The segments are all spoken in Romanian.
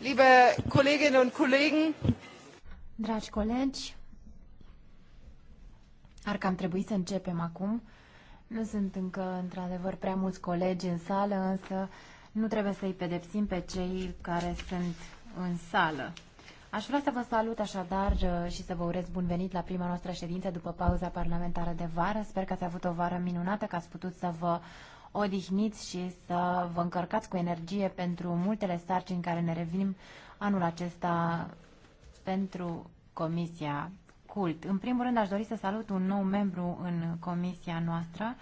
Liebe Kolleginnen und Kollegen, dragi colegi, ar cam trebui să începem acum. Nu sunt încă, într-adevăr, prea mulți colegi în sală, însă nu trebuie să-i pedepsim pe cei care sunt în sală. Aș vrea să vă salut așadar uh, și să vă urez bun venit la prima noastră ședință după pauza parlamentară de vară. Sper că ați avut o vară minunată, că ați putut să vă odihniți și să vă încărcați cu energie pentru multele sarcini care ne revenim anul acesta pentru Comisia Cult. În primul rând aș dori să salut un nou membru în comisia noastră.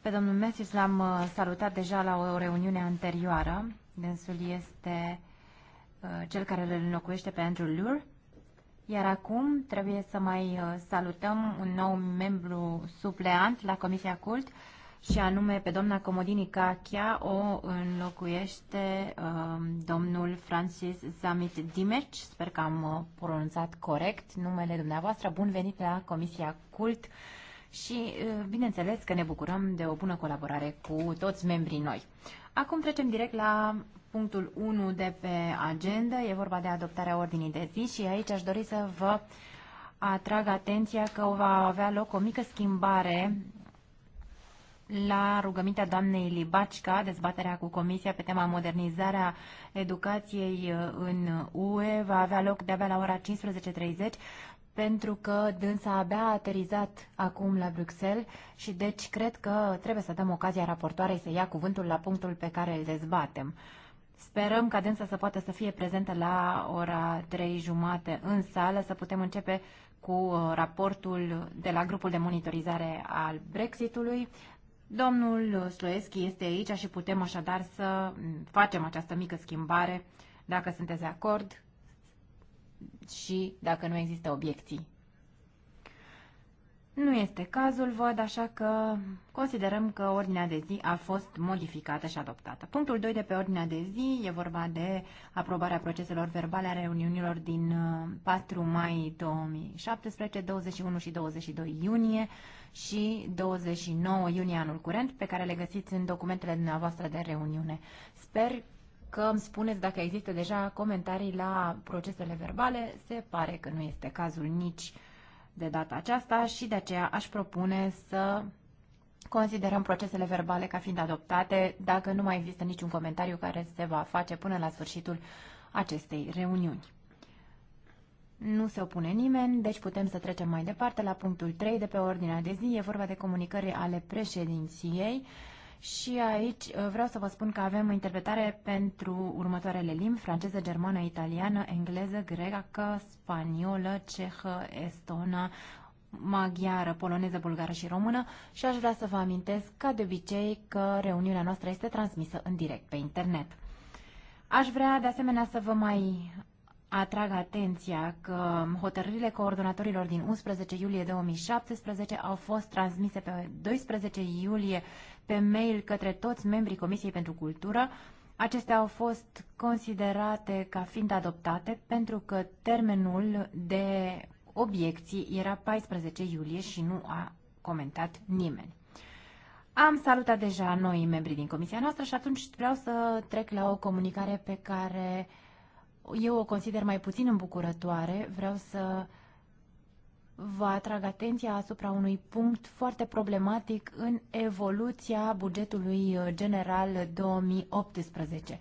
Pe domnul Mesius l-am uh, salutat deja la o reuniune anterioară. Dânsul este Uh, cel care îl înlocuiește pe Andrew Lur. Iar acum trebuie să mai uh, salutăm un nou membru supleant la Comisia Cult și anume pe doamna Comodini Cachia o înlocuiește um, domnul Francis Zamit Dimeci. Sper că am uh, pronunțat corect numele dumneavoastră. Bun venit la Comisia Cult și bineînțeles că ne bucurăm de o bună colaborare cu toți membrii noi. Acum trecem direct la punctul 1 de pe agenda. E vorba de adoptarea ordinii de zi și aici aș dori să vă atrag atenția că va avea loc o mică schimbare la rugămintea doamnei Libacica, dezbaterea cu Comisia pe tema modernizarea educației în UE va avea loc de-abia la ora 15.30 pentru că dânsa abia a aterizat acum la Bruxelles și deci cred că trebuie să dăm ocazia raportoarei să ia cuvântul la punctul pe care îl dezbatem. Sperăm ca dânsa să poată să fie prezentă la ora 3 jumate în sală, să putem începe cu uh, raportul de la grupul de monitorizare al Brexitului. Domnul Sloeschi este aici și putem așadar să mm, facem această mică schimbare, dacă sunteți de acord și dacă nu există obiecții nu este cazul, văd, așa că considerăm că ordinea de zi a fost modificată și adoptată. Punctul 2 de pe ordinea de zi e vorba de aprobarea proceselor verbale a reuniunilor din 4 uh, mai 2017, 21 și 22 iunie și 29 iunie anul curent, pe care le găsiți în documentele dumneavoastră de reuniune. Sper că îmi spuneți dacă există deja comentarii la procesele verbale. Se pare că nu este cazul nici de data aceasta și de aceea aș propune să considerăm procesele verbale ca fiind adoptate dacă nu mai există niciun comentariu care se va face până la sfârșitul acestei reuniuni. Nu se opune nimeni, deci putem să trecem mai departe la punctul 3 de pe ordinea de zi. E vorba de comunicări ale președinției și aici uh, vreau să vă spun că avem interpretare pentru următoarele limbi, franceză, germană, italiană, engleză, greacă, spaniolă, cehă, estona, maghiară, poloneză, bulgară și română și aș vrea să vă amintesc, ca de obicei, că reuniunea noastră este transmisă în direct pe internet. Aș vrea de asemenea să vă mai atrag atenția că hotărârile coordonatorilor din 11 iulie 2017 au fost transmise pe 12 iulie pe mail către toți membrii Comisiei pentru Cultură. Acestea au fost considerate ca fiind adoptate pentru că termenul de obiecții era 14 iulie și nu a comentat nimeni. Am salutat deja noi membrii din comisia noastră și atunci vreau să trec la o comunicare pe care uh, eu o consider mai puțin îmbucurătoare. Vreau să vă atrag atenția asupra unui punct foarte problematic în evoluția bugetului uh, general 2018.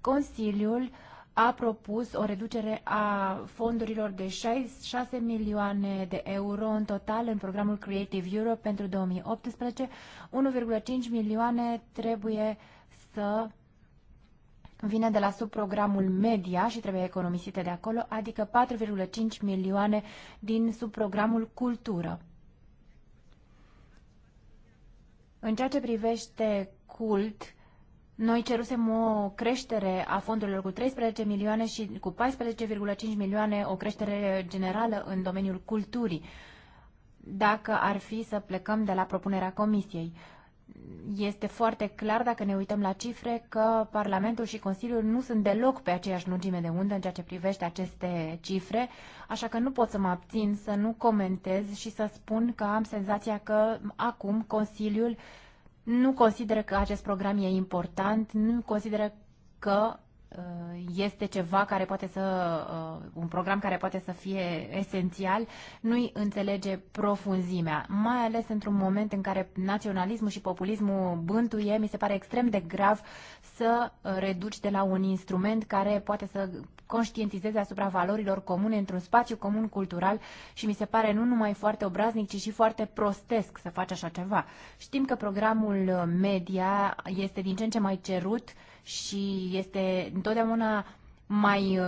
Consiliul a propus o reducere a fondurilor de 6 milioane de euro în total în programul Creative Europe pentru 2018. 1,5 milioane trebuie să vine de la subprogramul media și trebuie economisite de acolo, adică 4,5 milioane din subprogramul cultură. În ceea ce privește cult, noi cerusem o creștere a fondurilor cu 13 milioane și cu 14,5 milioane o creștere generală în domeniul culturii, dacă ar fi să plecăm de la propunerea comisiei este foarte clar, dacă ne uităm la cifre, că Parlamentul și Consiliul nu sunt deloc pe aceeași lungime de undă în ceea ce privește aceste cifre, așa că nu pot să mă abțin să nu comentez și să spun că am senzația că acum Consiliul nu consideră că acest program e important, nu consideră că Uh, este ceva care poate să, uh, un program care poate să fie esențial, nu-i înțelege profunzimea, mai ales într-un moment în care naționalismul și populismul bântuie, mi se pare extrem de grav să reduci de la un instrument care poate să conștientizeze asupra valorilor comune într-un spațiu comun cultural și mi se pare nu numai foarte obraznic, ci și foarte prostesc să faci așa ceva. Știm că programul media este din ce în ce mai cerut și este întotdeauna mai uh,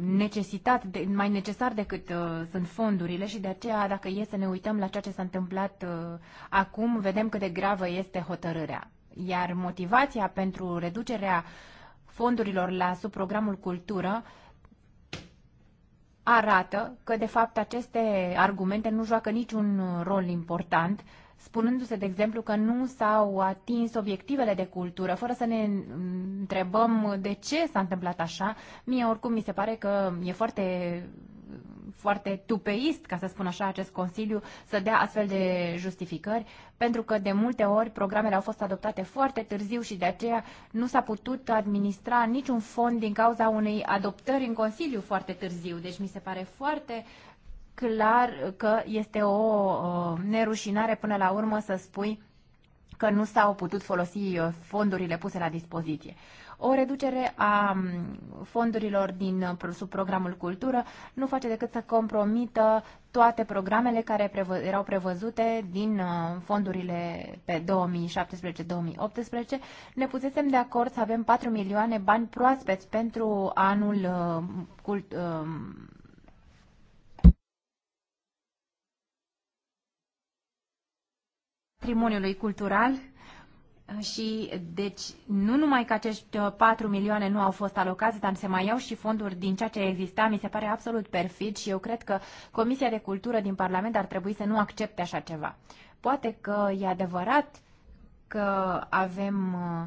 necesitat, mai necesar decât uh, sunt fondurile și de aceea dacă e să ne uităm la ceea ce s-a întâmplat uh, acum, vedem cât de gravă este hotărârea. Iar motivația pentru reducerea fondurilor la subprogramul cultură arată că, de fapt, aceste argumente nu joacă niciun rol important, spunându-se, de exemplu, că nu s-au atins obiectivele de cultură, fără să ne întrebăm de ce s-a întâmplat așa. Mie, oricum, mi se pare că e foarte foarte tupeist, ca să spun așa, acest Consiliu să dea astfel de justificări, pentru că de multe ori programele au fost adoptate foarte târziu și de aceea nu s-a putut administra niciun fond din cauza unei adoptări în Consiliu foarte târziu. Deci mi se pare foarte clar că este o nerușinare până la urmă să spui că nu s-au putut folosi uh, fondurile puse la dispoziție. O reducere a mm, fondurilor din uh, sub programul cultură nu face decât să compromită toate programele care prevă, erau prevăzute din uh, fondurile pe 2017-2018. Ne pusesem de acord să avem 4 milioane bani proaspeți pentru anul uh, cult, patrimoniului cultural și deci nu numai că acești 4 uh, milioane nu au fost alocați, dar se mai iau și fonduri din ceea ce exista, mi se pare absolut perfid și eu cred că Comisia de Cultură din Parlament ar trebui să nu accepte așa ceva. Poate că e adevărat că avem uh,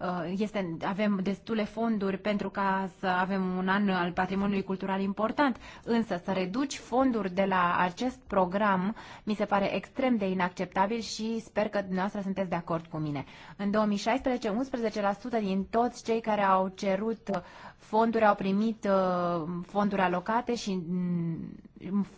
Uh, este, avem destule fonduri pentru ca să avem un an al patrimoniului cultural important, însă să reduci fonduri de la acest program mi se pare extrem de inacceptabil și sper că dumneavoastră sunteți de acord cu mine. În 2016, 11% din toți cei care au cerut uh, fonduri au primit uh, fonduri alocate și mm,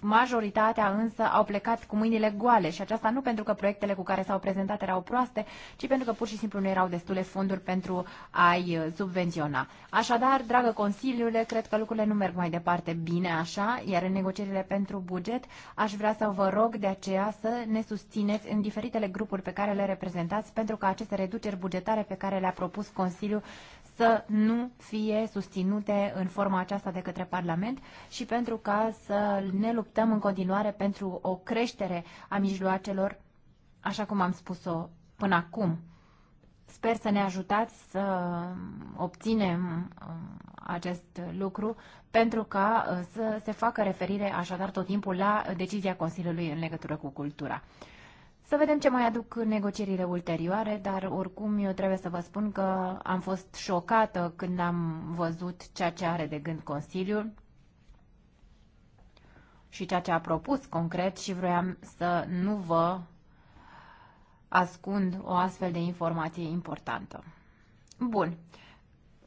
majoritatea însă au plecat cu mâinile goale și aceasta nu pentru că proiectele cu care s-au prezentat erau proaste, ci pentru că pur și simplu nu erau destule fonduri pentru a-i uh, subvenționa. Așadar, dragă Consiliule, cred că lucrurile nu merg mai departe bine așa, iar în negocierile pentru buget aș vrea să vă rog de aceea să ne susțineți în diferitele grupuri pe care le reprezentați pentru ca aceste reduceri bugetare pe care le-a propus Consiliul să nu fie susținute în forma aceasta de către Parlament și pentru ca să ne luptăm în continuare pentru o creștere a mijloacelor, așa cum am spus-o până acum. Sper să ne ajutați să obținem um, acest lucru pentru ca uh, să se facă referire așadar tot timpul la decizia Consiliului în legătură cu cultura. Să vedem ce mai aduc negocierile ulterioare, dar oricum eu trebuie să vă spun că am fost șocată când am văzut ceea ce are de gând Consiliul și ceea ce a propus concret și vroiam să nu vă ascund o astfel de informație importantă. Bun.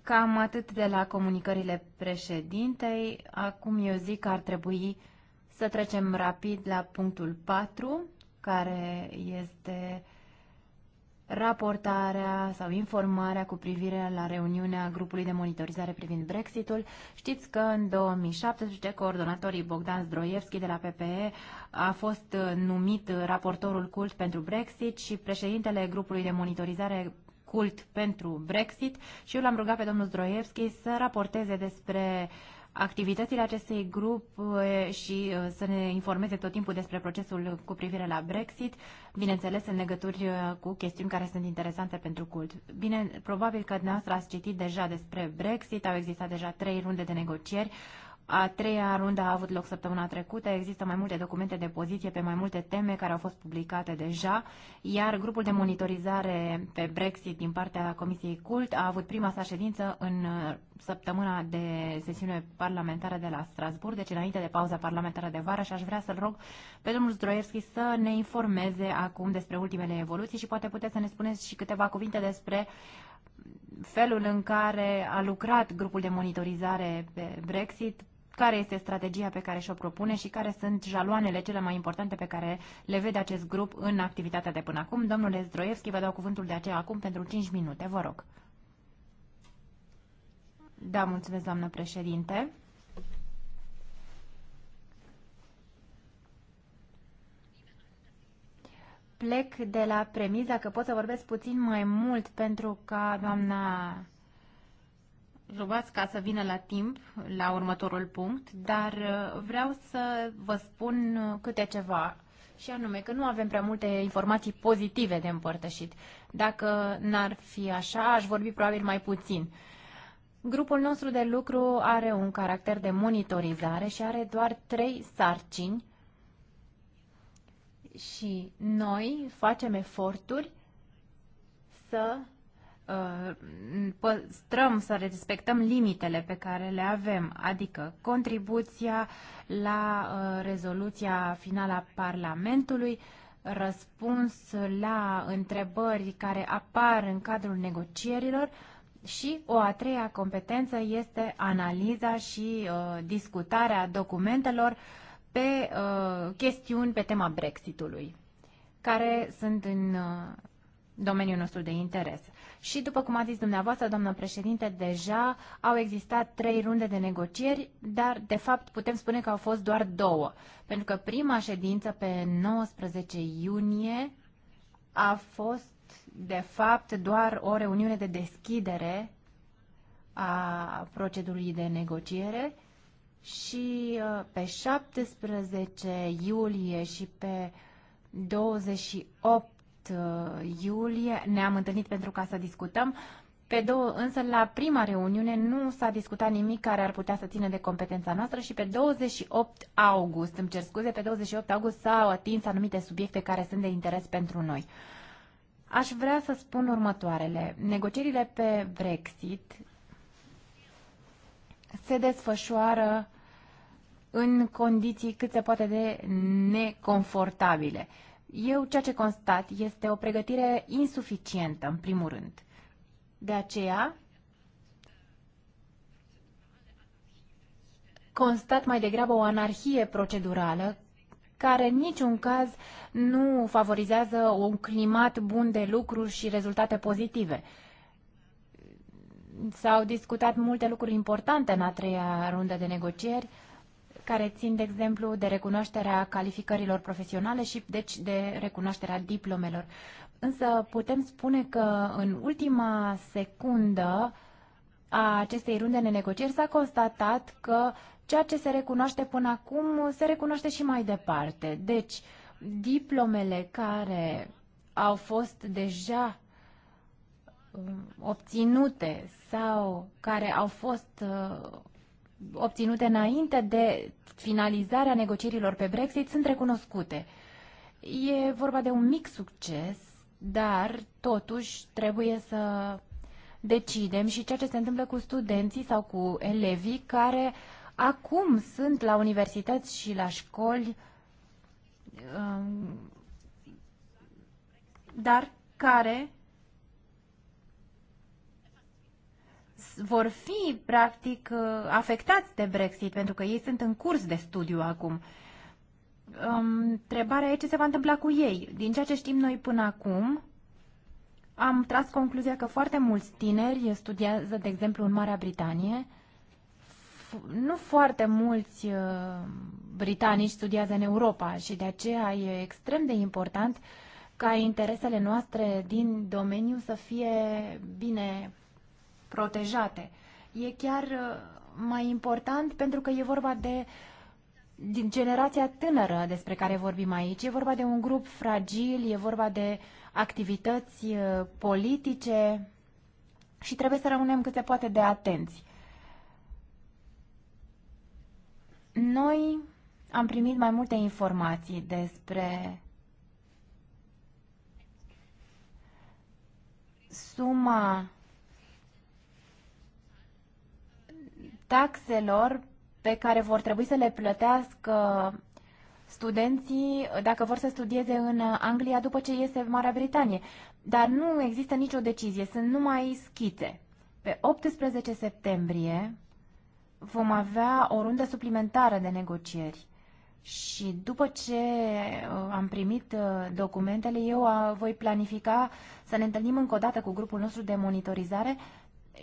Cam atât de la comunicările președintei. Acum eu zic că ar trebui să trecem rapid la punctul 4 care este raportarea sau informarea cu privire la reuniunea grupului de monitorizare privind Brexitul. Știți că în 2017 coordonatorii Bogdan Zdroievski de la PPE a fost uh, numit raportorul cult pentru Brexit și președintele grupului de monitorizare cult pentru Brexit și eu l-am rugat pe domnul Zdroievski să raporteze despre uh, activitățile acestui grup și să ne informeze tot timpul despre procesul cu privire la Brexit, bineînțeles în legături cu chestiuni care sunt interesante pentru cult. Bine, probabil că dumneavoastră ați citit deja despre Brexit, au existat deja trei runde de negocieri, a treia rundă a avut loc săptămâna trecută. Există mai multe documente de poziție pe mai multe teme care au fost publicate deja, iar grupul de monitorizare pe Brexit din partea Comisiei Cult a avut prima sa ședință în uh, săptămâna de sesiune parlamentară de la Strasburg, deci înainte de pauza parlamentară de vară și aș vrea să-l rog pe domnul Zdroievski să ne informeze acum despre ultimele evoluții și poate puteți să ne spuneți și câteva cuvinte despre felul în care a lucrat grupul de monitorizare pe Brexit care este strategia pe care și-o propune și care sunt jaloanele cele mai importante pe care le vede acest grup în activitatea de până acum. Domnule Zdroievski, vă dau cuvântul de aceea acum pentru 5 minute, vă rog. Da, mulțumesc, doamnă președinte. Plec de la premiza că pot să vorbesc puțin mai mult pentru ca doamna rugați ca să vină la timp, la următorul punct, dar uh, vreau să vă spun uh, câte ceva. Și anume că nu avem prea multe informații pozitive de împărtășit. Dacă n-ar fi așa, aș vorbi probabil mai puțin. Grupul nostru de lucru are un caracter de monitorizare și are doar trei sarcini și noi facem eforturi să Uh, păstrăm, să respectăm limitele pe care le avem, adică contribuția la uh, rezoluția finală a Parlamentului, răspuns la întrebări care apar în cadrul negocierilor și o a treia competență este analiza și uh, discutarea documentelor pe chestiuni pe tema Brexitului, care sunt în domeniul nostru de interes. Și după cum a zis dumneavoastră, doamnă președinte, deja au existat trei runde de negocieri, dar de fapt putem spune că au fost doar două, pentru că prima ședință pe 19 iunie a fost de fapt doar o reuniune de deschidere a procedurii de negociere și uh, pe 17 iulie și pe 28 Uh, iulie ne-am întâlnit pentru ca să discutăm. Pe două, însă la prima reuniune nu s-a discutat nimic care ar putea să țină de competența noastră și pe 28 august, îmi cer scuze, pe 28 august s-au atins anumite subiecte care sunt de interes pentru noi. Aș vrea să spun următoarele. Negocierile pe Brexit se desfășoară în condiții cât se poate de neconfortabile. Eu ceea ce constat este o pregătire insuficientă, în primul rând. De aceea, constat mai degrabă o anarhie procedurală care în niciun caz nu favorizează un climat bun de lucru și rezultate pozitive. S-au discutat multe lucruri importante în a treia rundă de negocieri, care țin, de exemplu, de recunoașterea calificărilor profesionale și, deci, de recunoașterea diplomelor. Însă putem spune că în ultima secundă a acestei runde de negocieri s-a constatat că ceea ce se recunoaște până acum se recunoaște și mai departe. Deci, diplomele care au fost deja um, obținute sau care au fost uh, obținute înainte de finalizarea negocierilor pe Brexit sunt recunoscute. E vorba de un mic succes, dar totuși trebuie să decidem și ceea ce se întâmplă cu studenții sau cu elevii care acum sunt la universități și la școli, um, dar care vor fi practic uh, afectați de Brexit, pentru că ei sunt în curs de studiu acum. Um, întrebarea e ce se va întâmpla cu ei. Din ceea ce știm noi până acum, am tras concluzia că foarte mulți tineri studiază, de exemplu, în Marea Britanie. Nu foarte mulți uh, britanici studiază în Europa și de aceea e extrem de important ca interesele noastre din domeniu să fie bine protejate. E chiar uh, mai important pentru că e vorba de din generația tânără despre care vorbim aici. E vorba de un grup fragil, e vorba de activități uh, politice și trebuie să rămânem cât se poate de atenți. Noi am primit mai multe informații despre suma taxelor pe care vor trebui să le plătească studenții dacă vor să studieze în Anglia după ce iese Marea Britanie. Dar nu există nicio decizie, sunt numai schițe. Pe 18 septembrie vom avea o rundă suplimentară de negocieri. Și după ce uh, am primit uh, documentele, eu uh, voi planifica să ne întâlnim încă o dată cu grupul nostru de monitorizare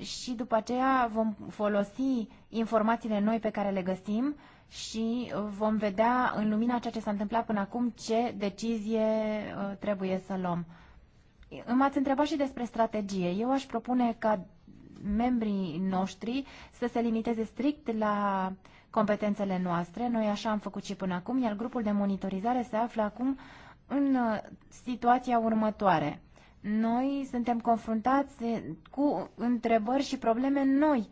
și după aceea vom folosi informațiile noi pe care le găsim și vom vedea în lumina ceea ce s-a întâmplat până acum ce decizie uh, trebuie să luăm. M-ați întrebat și despre strategie. Eu aș propune ca membrii noștri să se limiteze strict la competențele noastre. Noi așa am făcut și până acum, iar grupul de monitorizare se află acum în uh, situația următoare. Noi suntem confruntați cu întrebări și probleme noi.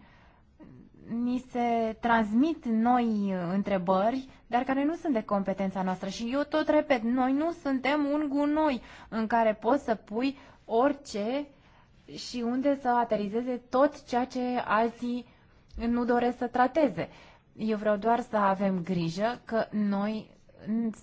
Ni se transmit noi întrebări, dar care nu sunt de competența noastră. Și eu tot repet, noi nu suntem un gunoi în care poți să pui orice și unde să aterizeze tot ceea ce alții nu doresc să trateze. Eu vreau doar să avem grijă că noi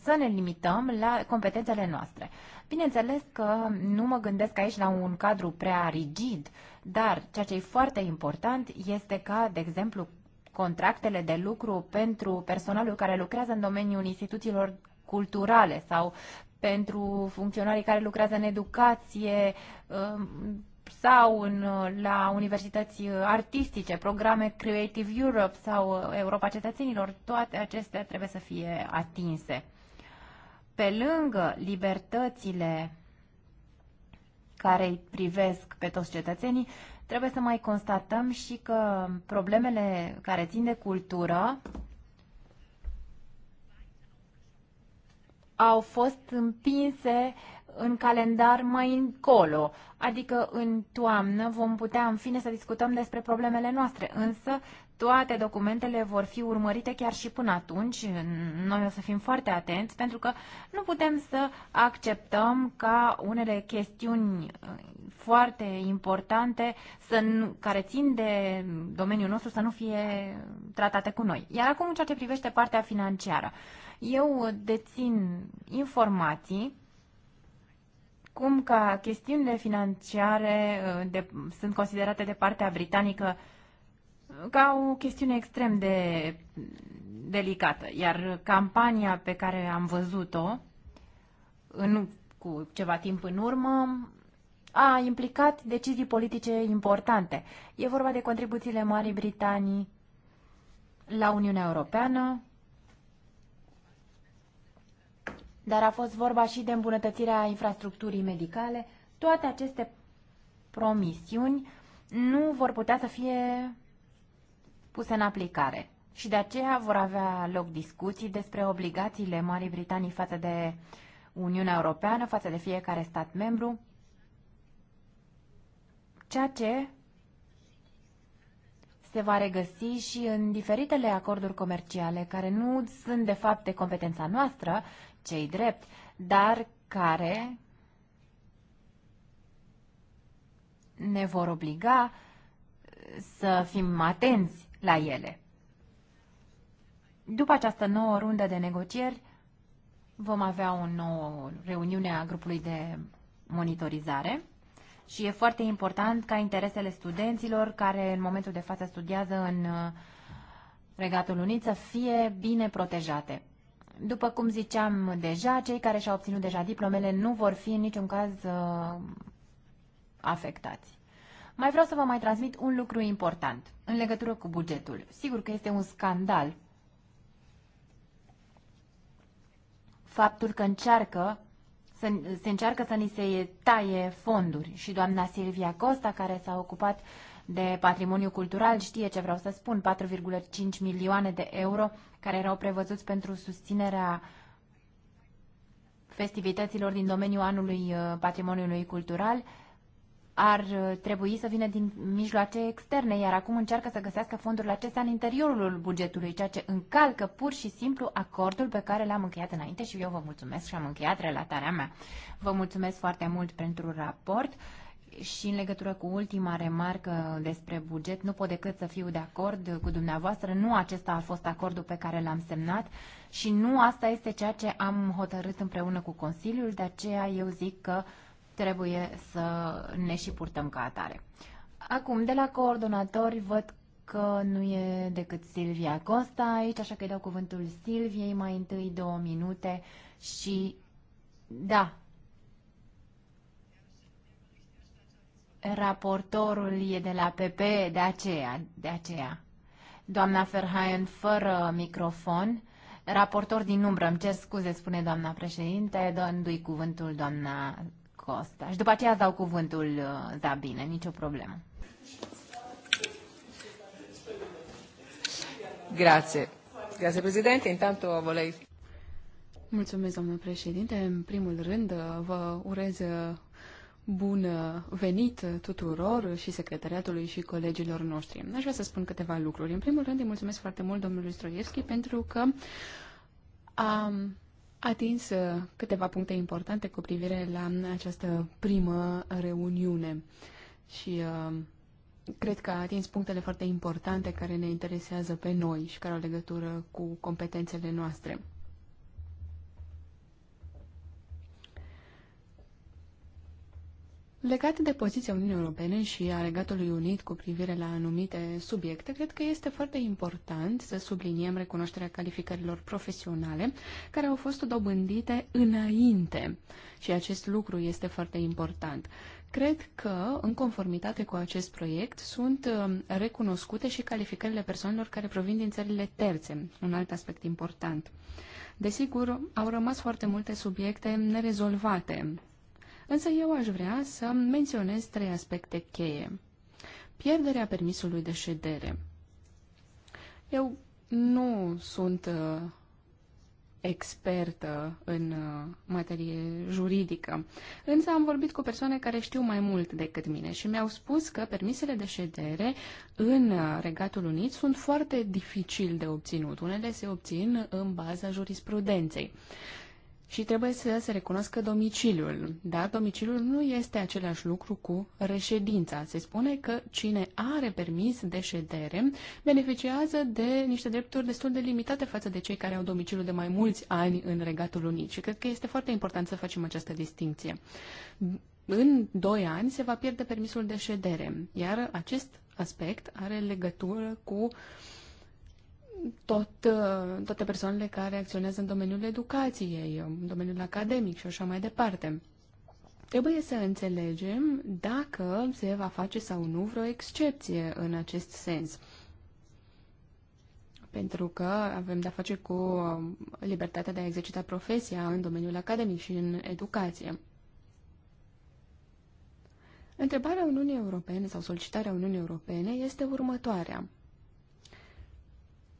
să ne limităm la competențele noastre. Bineînțeles că nu mă gândesc aici la un cadru prea rigid, dar ceea ce e foarte important este ca, de exemplu, contractele de lucru pentru personalul care lucrează în domeniul instituțiilor culturale sau pentru funcționarii care lucrează în educație, um, sau în, la universități artistice, programe Creative Europe sau Europa Cetățenilor, toate acestea trebuie să fie atinse. Pe lângă libertățile care îi privesc pe toți cetățenii, trebuie să mai constatăm și că problemele care țin de cultură au fost împinse în calendar mai încolo, adică în toamnă vom putea în fine să discutăm despre problemele noastre, însă toate documentele vor fi urmărite chiar și până atunci. Noi o să fim foarte atenți pentru că nu putem să acceptăm ca unele chestiuni uh, foarte importante să nu, care țin de domeniul nostru să nu fie tratate cu noi. Iar acum în ceea ce privește partea financiară. Eu dețin informații cum ca chestiunile financiare uh, de, sunt considerate de partea britanică uh, ca o chestiune extrem de delicată, iar campania pe care am văzut-o în, cu ceva timp în urmă a implicat decizii politice importante. E vorba de contribuțiile Marii Britanii la Uniunea Europeană, dar a fost vorba și de îmbunătățirea infrastructurii medicale. Toate aceste promisiuni nu vor putea să fie puse în aplicare și de aceea vor avea loc discuții despre obligațiile Marii Britanii față de Uniunea Europeană, față de fiecare stat membru, ceea ce se va regăsi și în diferitele acorduri comerciale, care nu sunt de fapt de competența noastră, cei drept, dar care ne vor obliga să fim atenți la ele. După această nouă rundă de negocieri, vom avea o nouă reuniune a grupului de monitorizare și e foarte important ca interesele studenților care în momentul de față studiază în uh, Regatul Unit să fie bine protejate. După cum ziceam deja, cei care și-au obținut deja diplomele nu vor fi în niciun caz uh, afectați. Mai vreau să vă mai transmit un lucru important în legătură cu bugetul. Sigur că este un scandal faptul că încearcă să, se încearcă să ni se taie fonduri și doamna Silvia Costa, care s-a ocupat de patrimoniu cultural, știe ce vreau să spun, 4,5 milioane de euro care erau prevăzuți pentru susținerea festivităților din domeniul anului uh, patrimoniului cultural ar uh, trebui să vină din mijloace externe, iar acum încearcă să găsească fondurile acestea în interiorul bugetului, ceea ce încalcă pur și simplu acordul pe care l-am încheiat înainte și eu vă mulțumesc și am încheiat relatarea mea. Vă mulțumesc foarte mult pentru raport. Și în legătură cu ultima remarcă despre buget, nu pot decât să fiu de acord cu dumneavoastră. Nu acesta a fost acordul pe care l-am semnat și nu asta este ceea ce am hotărât împreună cu Consiliul, de aceea eu zic că trebuie să ne și purtăm ca atare. Acum, de la coordonatori, văd că nu e decât Silvia Costa aici, așa că îi dau cuvântul Silviei mai întâi două minute și da, Raportorul e de la PP, de aceea, de aceea. Doamna Ferhaien, fără microfon. Raportor din umbră, îmi cer scuze, spune doamna președinte, dându-i cuvântul doamna Costa. Și după aceea dau cuvântul uh, Zabine, nicio problemă. Grazie. Grazie, președinte. Intanto volei... Mulțumesc, doamnă președinte. În primul rând, uh, vă urez uh, Bun uh, venit tuturor și secretariatului și colegilor noștri. Aș vrea să spun câteva lucruri. În primul rând, îi mulțumesc foarte mult domnului Stroievski pentru că a atins uh, câteva puncte importante cu privire la această primă reuniune. Și uh, cred că a atins punctele foarte importante care ne interesează pe noi și care au legătură cu competențele noastre. Legat de poziția Uniunii Europene și a Regatului Unit cu privire la anumite subiecte, cred că este foarte important să subliniem recunoașterea calificărilor profesionale care au fost dobândite înainte. Și acest lucru este foarte important. Cred că, în conformitate cu acest proiect, sunt um, recunoscute și calificările persoanelor care provin din țările terțe, un alt aspect important. Desigur, au rămas foarte multe subiecte nerezolvate Însă eu aș vrea să menționez trei aspecte cheie. Pierderea permisului de ședere. Eu nu sunt uh, expertă în uh, materie juridică. Însă am vorbit cu persoane care știu mai mult decât mine și mi-au spus că permisele de ședere în uh, Regatul Unit sunt foarte dificil de obținut. Unele se obțin în baza jurisprudenței și trebuie să se recunoască domiciliul. Dar domiciliul nu este același lucru cu reședința. Se spune că cine are permis de ședere beneficiază de niște drepturi destul de limitate față de cei care au domiciliul de mai mulți ani în Regatul Unit. Și cred că este foarte important să facem această distinție. În doi ani se va pierde permisul de ședere, iar acest aspect are legătură cu uh, tot, uh, toate persoanele care acționează în domeniul educației, în um, domeniul academic și așa mai departe. Trebuie să înțelegem dacă se va face sau nu vreo excepție în acest sens. Pentru că avem de-a face cu um, libertatea de a exercita profesia în domeniul academic și în educație. Întrebarea Uniunii Europene sau solicitarea Uniunii Europene este următoarea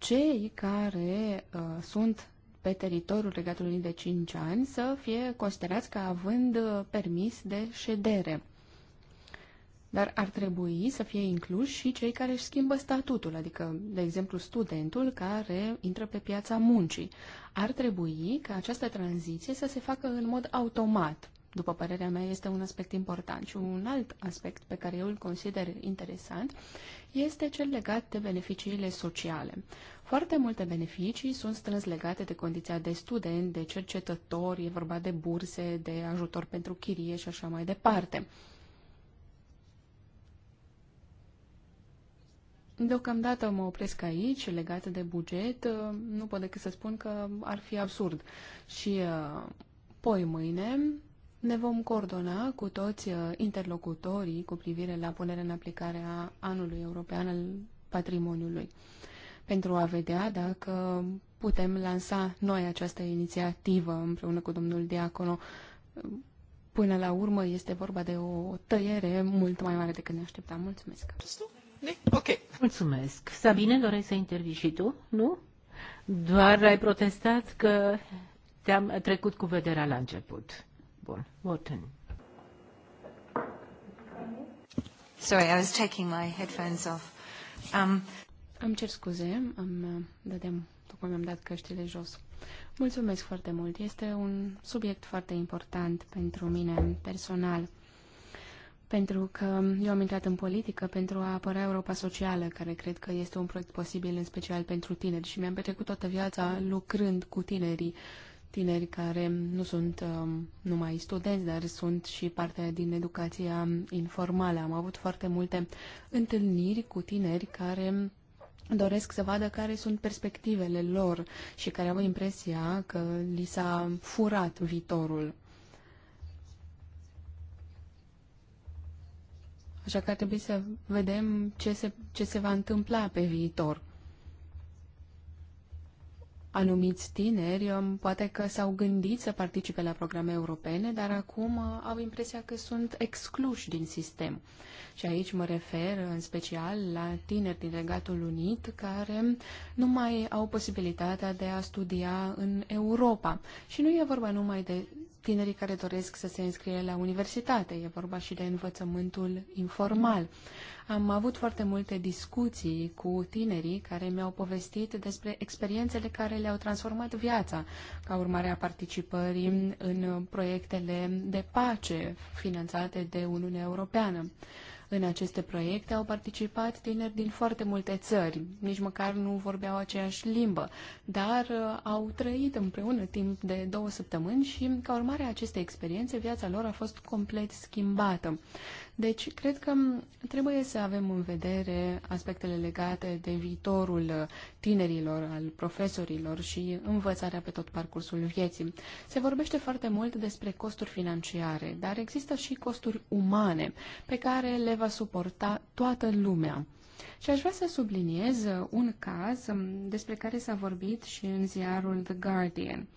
cei care uh, sunt pe teritoriul Regatului de 5 ani să fie considerați ca având uh, permis de ședere. Dar ar trebui să fie incluși și cei care își schimbă statutul, adică, de exemplu, studentul care intră pe piața muncii. Ar trebui ca această tranziție să se facă în mod automat după părerea mea, este un aspect important. Și un alt aspect pe care eu îl consider interesant este cel legat de beneficiile sociale. Foarte multe beneficii sunt strâns legate de condiția de student, de cercetători, e vorba de burse, de ajutor pentru chirie și așa mai departe. Deocamdată mă opresc aici, legată de buget, nu pot decât să spun că ar fi absurd. Și uh, poi mâine ne vom coordona cu toți uh, interlocutorii cu privire la punerea în aplicare a anului european al patrimoniului pentru a vedea dacă putem lansa noi această inițiativă împreună cu domnul Diacono. Până la urmă este vorba de o tăiere mult mai mare decât ne așteptam. Mulțumesc! Ok. Mulțumesc! Sabine, doreai să intervii și tu, nu? Doar ai protestat că te-am trecut cu vederea la început. Bun, votăm. Sorry, I was taking my headphones off. Um... Am cer scuze, am dădeam, tocmai mi-am dat căștile jos. Mulțumesc foarte mult. Este un subiect foarte important pentru mine personal, pentru că eu am intrat în politică pentru a apăra Europa Socială, care cred că este un proiect posibil în special pentru tineri și mi-am petrecut toată viața lucrând cu tinerii tineri care nu sunt um, numai studenți, dar sunt și parte din educația informală. Am avut foarte multe întâlniri cu tineri care doresc să vadă care sunt perspectivele lor și care au impresia că li s-a furat viitorul. Așa că ar trebui să vedem ce se, ce se va întâmpla pe viitor. Anumiți tineri um, poate că s-au gândit să participe la programe europene, dar acum uh, au impresia că sunt excluși din sistem. Și aici mă refer în special la tineri din Regatul Unit care nu mai au posibilitatea de a studia în Europa. Și nu e vorba numai de tinerii care doresc să se înscrie la universitate. E vorba și de învățământul informal. Am avut foarte multe discuții cu tinerii care mi-au povestit despre experiențele care le-au transformat viața ca urmare a participării în proiectele de pace finanțate de Uniunea Europeană. În aceste proiecte au participat tineri din foarte multe țări, nici măcar nu vorbeau aceeași limbă, dar uh, au trăit împreună timp de două săptămâni și, ca urmare a acestei experiențe, viața lor a fost complet schimbată. Deci, cred că trebuie să avem în vedere aspectele legate de viitorul tinerilor, al profesorilor și învățarea pe tot parcursul vieții. Se vorbește foarte mult despre costuri financiare, dar există și costuri umane pe care le va suporta toată lumea. Și aș vrea să subliniez un caz despre care s-a vorbit și în ziarul The Guardian.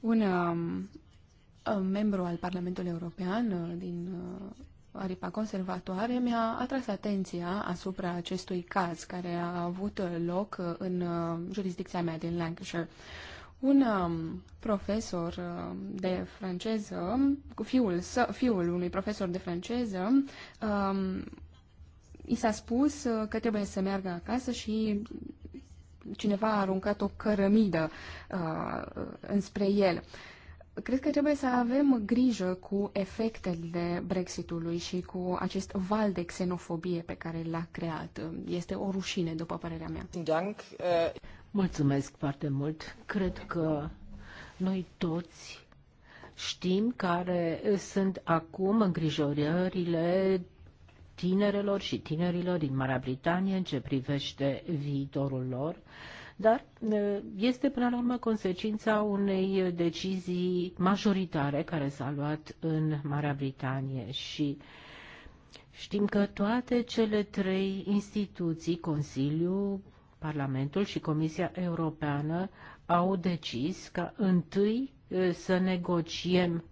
Un um, Uh, membru al Parlamentului European uh, din uh, aripa conservatoare mi-a atras atenția asupra acestui caz care a avut loc în jurisdicția mea din Lancashire. Un um, profesor de franceză, fiul, fiul unui profesor de franceză, um, i s-a spus că trebuie să meargă acasă și cineva a aruncat o cărămidă uh, înspre el. Uh, Cred că trebuie să avem grijă cu efectele Brexitului și cu acest val de xenofobie pe care l-a creat. Este o rușine, după părerea mea. Uh, Mulțumesc foarte mult. Cred că noi toți știm care sunt acum îngrijorările tinerelor și tinerilor din Marea Britanie în ce privește viitorul lor dar este până la urmă consecința unei decizii majoritare care s-a luat în Marea Britanie și știm că toate cele trei instituții, Consiliu, Parlamentul și Comisia Europeană au decis ca întâi să negociem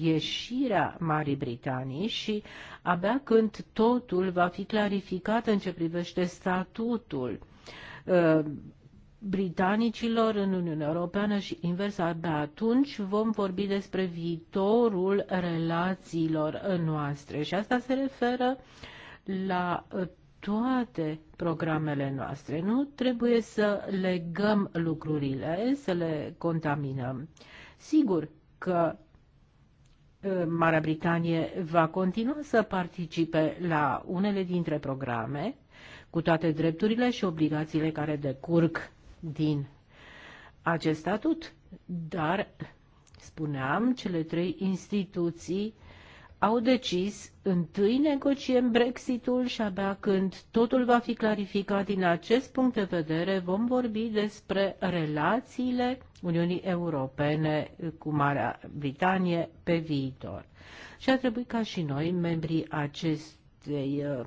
ieșirea Marii Britanii și abia când totul va fi clarificat în ce privește statutul britanicilor în Uniunea Europeană și invers, abia atunci vom vorbi despre viitorul relațiilor noastre. Și asta se referă la uh, toate programele noastre. Nu trebuie să legăm lucrurile, să le contaminăm. Sigur că uh, Marea Britanie va continua să participe la unele dintre programe, cu toate drepturile și obligațiile care decurg din acest statut, dar, spuneam, cele trei instituții au decis întâi negociem Brexitul și abia când totul va fi clarificat din acest punct de vedere vom vorbi despre relațiile Uniunii Europene cu Marea Britanie pe viitor. Și a trebuit ca și noi, membrii acestei uh,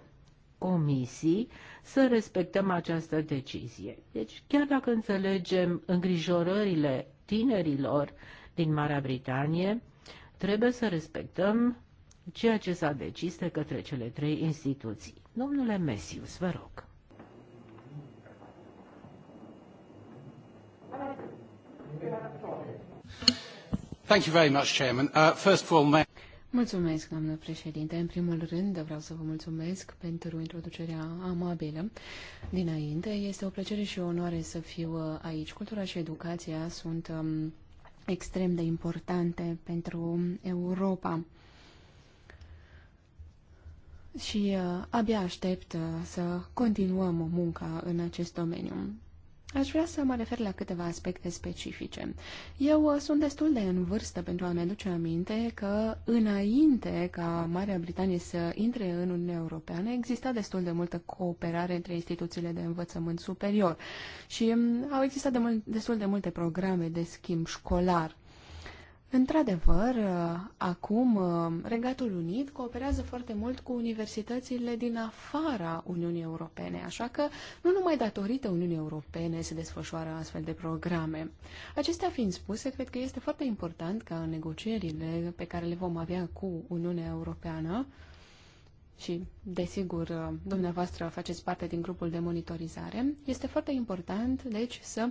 comisii, să respectăm această decizie. Deci, chiar dacă înțelegem îngrijorările tinerilor din Marea Britanie, trebuie să respectăm ceea ce s-a decis de către cele trei instituții. Domnule Mesius, vă rog. Thank you very much, Chairman. Uh, first of all, may Mulțumesc, doamnă președinte. În primul rând, vreau să vă mulțumesc pentru introducerea amabilă dinainte. Este o plăcere și o onoare să fiu uh, aici. Cultura și educația sunt um, extrem de importante pentru Europa. Și uh, abia aștept uh, să continuăm munca în acest domeniu. Aș vrea să mă refer la câteva aspecte specifice. Eu uh, sunt destul de în vârstă pentru a-mi aduce aminte că înainte ca Marea Britanie să intre în Uniunea Europeană exista destul de multă cooperare între instituțiile de învățământ superior și mm, au existat de mult, destul de multe programe de schimb școlar. Într-adevăr, acum Regatul Unit cooperează foarte mult cu universitățile din afara Uniunii Europene, așa că nu numai datorită Uniunii Europene se desfășoară astfel de programe. Acestea fiind spuse, cred că este foarte important ca în negocierile pe care le vom avea cu Uniunea Europeană și, desigur, dumneavoastră faceți parte din grupul de monitorizare, este foarte important, deci, să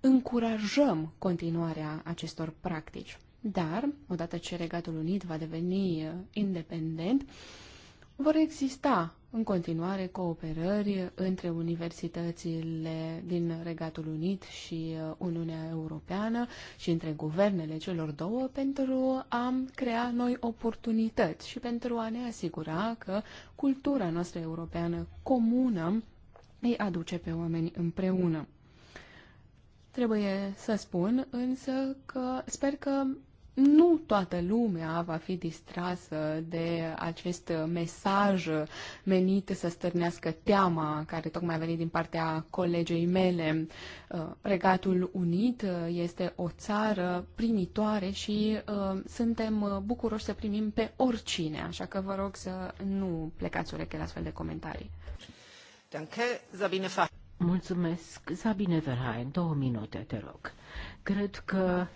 încurajăm continuarea acestor practici dar, odată ce Regatul Unit va deveni uh, independent, vor exista în continuare cooperări între universitățile din Regatul Unit și uh, Uniunea Europeană și între guvernele celor două pentru a crea noi oportunități și pentru a ne asigura că cultura noastră europeană comună îi aduce pe oameni împreună. Trebuie să spun însă că sper că nu toată lumea va fi distrasă de acest mesaj menit să stârnească teama care tocmai a venit din partea colegei mele. Uh, Regatul Unit este o țară primitoare și uh, suntem bucuroși să primim pe oricine, așa că vă rog să nu plecați la astfel de comentarii. Mulțumesc, Sabine Verhaen, Două minute, te rog. Cred că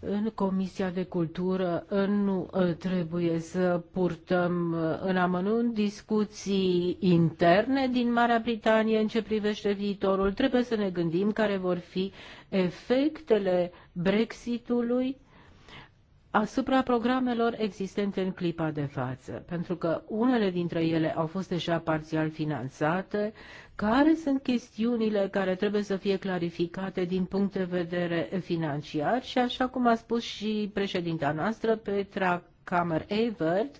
în Comisia de Cultură nu ă, trebuie să purtăm ă, în amănunt discuții interne din Marea Britanie în ce privește viitorul. Trebuie să ne gândim care vor fi efectele Brexitului asupra programelor existente în clipa de față, pentru că unele dintre ele au fost deja parțial finanțate, care sunt chestiunile care trebuie să fie clarificate din punct de vedere financiar și așa cum a spus și președinta noastră, Petra kammer Evert,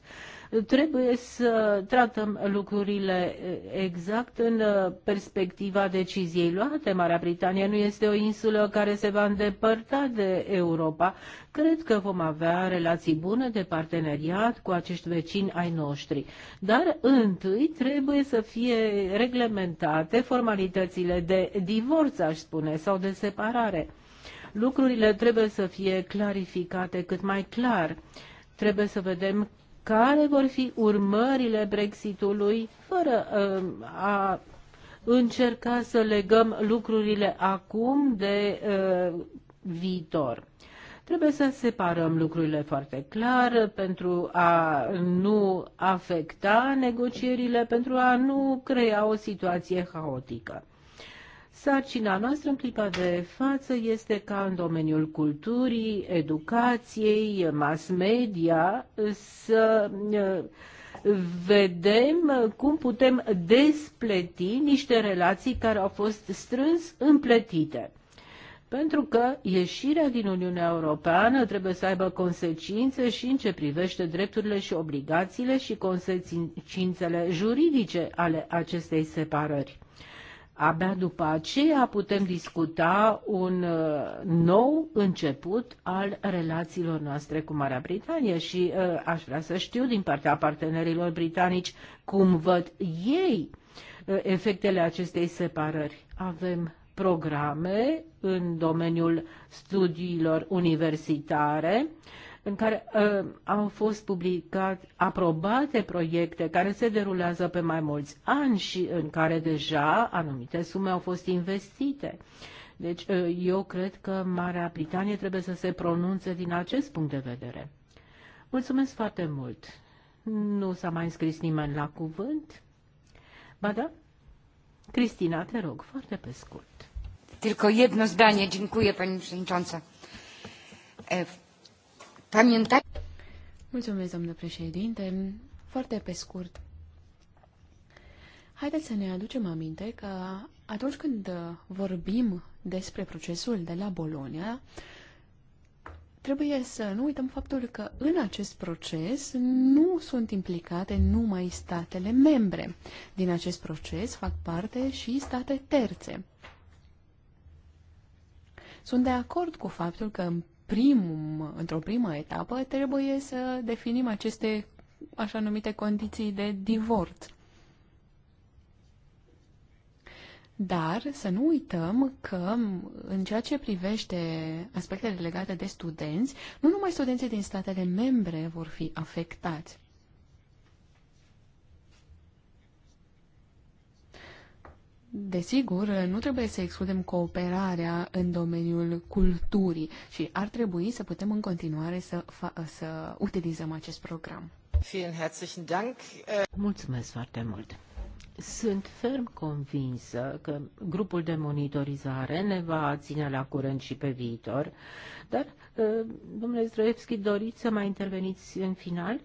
Trebuie să tratăm lucrurile eh, exact în eh, perspectiva deciziei luate. Marea Britanie nu este o insulă care se va îndepărta de Europa. Cred că vom avea relații bune de parteneriat cu acești vecini ai noștri. Dar întâi trebuie să fie reglementate formalitățile de divorț, aș spune, sau de separare lucrurile trebuie să fie clarificate cât mai clar. Trebuie să vedem care vor fi urmările Brexitului, fără uh, a încerca să legăm lucrurile acum de uh, viitor. Trebuie să separăm lucrurile foarte clar pentru a nu afecta negocierile, pentru a nu crea o situație haotică. Sarcina noastră în clipa de față este ca în domeniul culturii, educației, mass media să vedem cum putem despleti niște relații care au fost strâns împletite pentru că ieșirea din Uniunea Europeană trebuie să aibă consecințe și în ce privește drepturile și obligațiile și consecințele juridice ale acestei separări. Abia după aceea putem discuta un uh, nou început al relațiilor noastre cu Marea Britanie și uh, aș vrea să știu din partea partenerilor britanici cum văd ei uh, efectele acestei separări. Avem programe în domeniul studiilor universitare în care uh, au fost publicate, aprobate proiecte care se derulează pe mai mulți ani și în care deja anumite sume au fost investite. Deci uh, eu cred că Marea Britanie trebuie să se pronunțe din acest punct de vedere. Mulțumesc foarte mult. Nu s-a mai înscris nimeni la cuvânt. Ba da? Cristina, te rog, foarte pe scurt. Tylko jedno zdanie. Dziękuję, Pani Przewodnicząca. Pamiętaj. Mulțumesc, domnule președinte. Foarte pe scurt. Haideți să ne aducem aminte că atunci când vorbim despre procesul de la Bolonia, trebuie să nu uităm faptul că în acest proces nu sunt implicate numai statele membre. Din acest proces fac parte și state terțe. Sunt de acord cu faptul că în prim, într-o primă etapă trebuie să definim aceste așa numite condiții de divorț. Dar să nu uităm că în ceea ce privește aspectele legate de studenți, nu numai studenții din statele membre vor fi afectați. Desigur, nu trebuie să excludem cooperarea în domeniul culturii și ar trebui să putem în continuare să, să utilizăm acest program. Mulțumesc foarte mult! Sunt ferm convinsă că grupul de monitorizare ne va ține la curent și pe viitor, dar, uh, domnule Zdroevski, doriți să mai interveniți în final?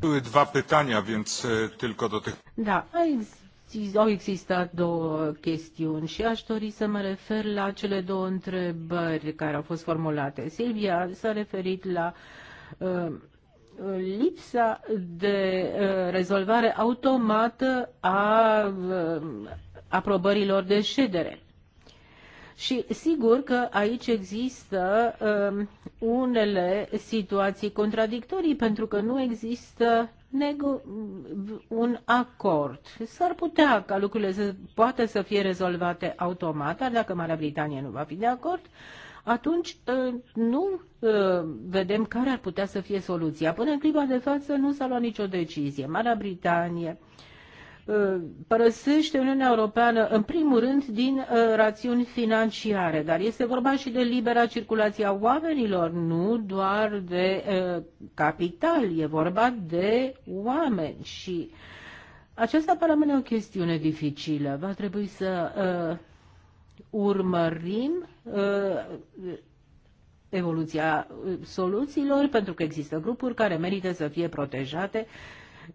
Były dwa pytania, więc tylko do tych... Da, au existat două chestiuni și aș dori să mă refer la cele două întrebări care au fost formulate. Silvia s-a referit la uh, lipsa de uh, rezolvare automată a uh, aprobărilor de ședere. Și sigur că aici există um, unele situații contradictorii pentru că nu există un acord. S-ar putea ca lucrurile să poată să fie rezolvate automat, dar dacă Marea Britanie nu va fi de acord, atunci uh, nu uh, vedem care ar putea să fie soluția. Până în clipa de față nu s-a luat nicio decizie. Marea Britanie uh, Uh, părăsește Uniunea Europeană în primul rând din uh, rațiuni financiare, dar este vorba și de libera circulație a oamenilor, nu doar de uh, capital, e vorba de oameni și aceasta rămâne o chestiune dificilă. Va trebui să uh, urmărim uh, evoluția soluțiilor, pentru că există grupuri care merită să fie protejate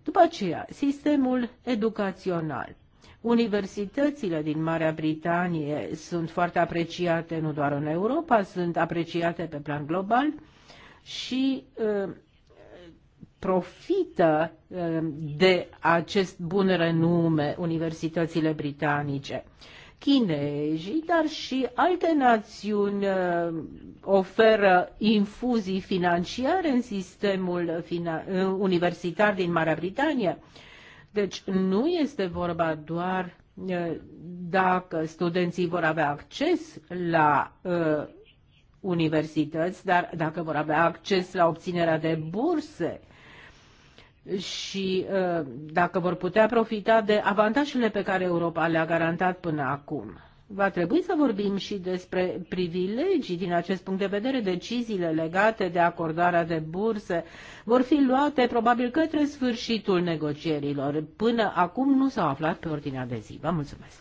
după aceea, sistemul educațional. Universitățile din Marea Britanie sunt foarte apreciate nu doar în Europa, sunt apreciate pe plan global și ă, profită ă, de acest bun renume universitățile britanice chinezii, dar și alte națiuni uh, oferă infuzii financiare în sistemul uh, universitar din Marea Britanie. Deci nu este vorba doar uh, dacă studenții vor avea acces la universități, dar dacă vor avea acces la obținerea de burse, și ă, dacă vor putea profita de avantajele pe care Europa le-a garantat până acum. Va trebui să vorbim și despre privilegii din acest punct de vedere. Deciziile legate de acordarea de burse vor fi luate probabil către sfârșitul negocierilor. Până acum nu s-au aflat pe ordinea de zi. Vă mulțumesc.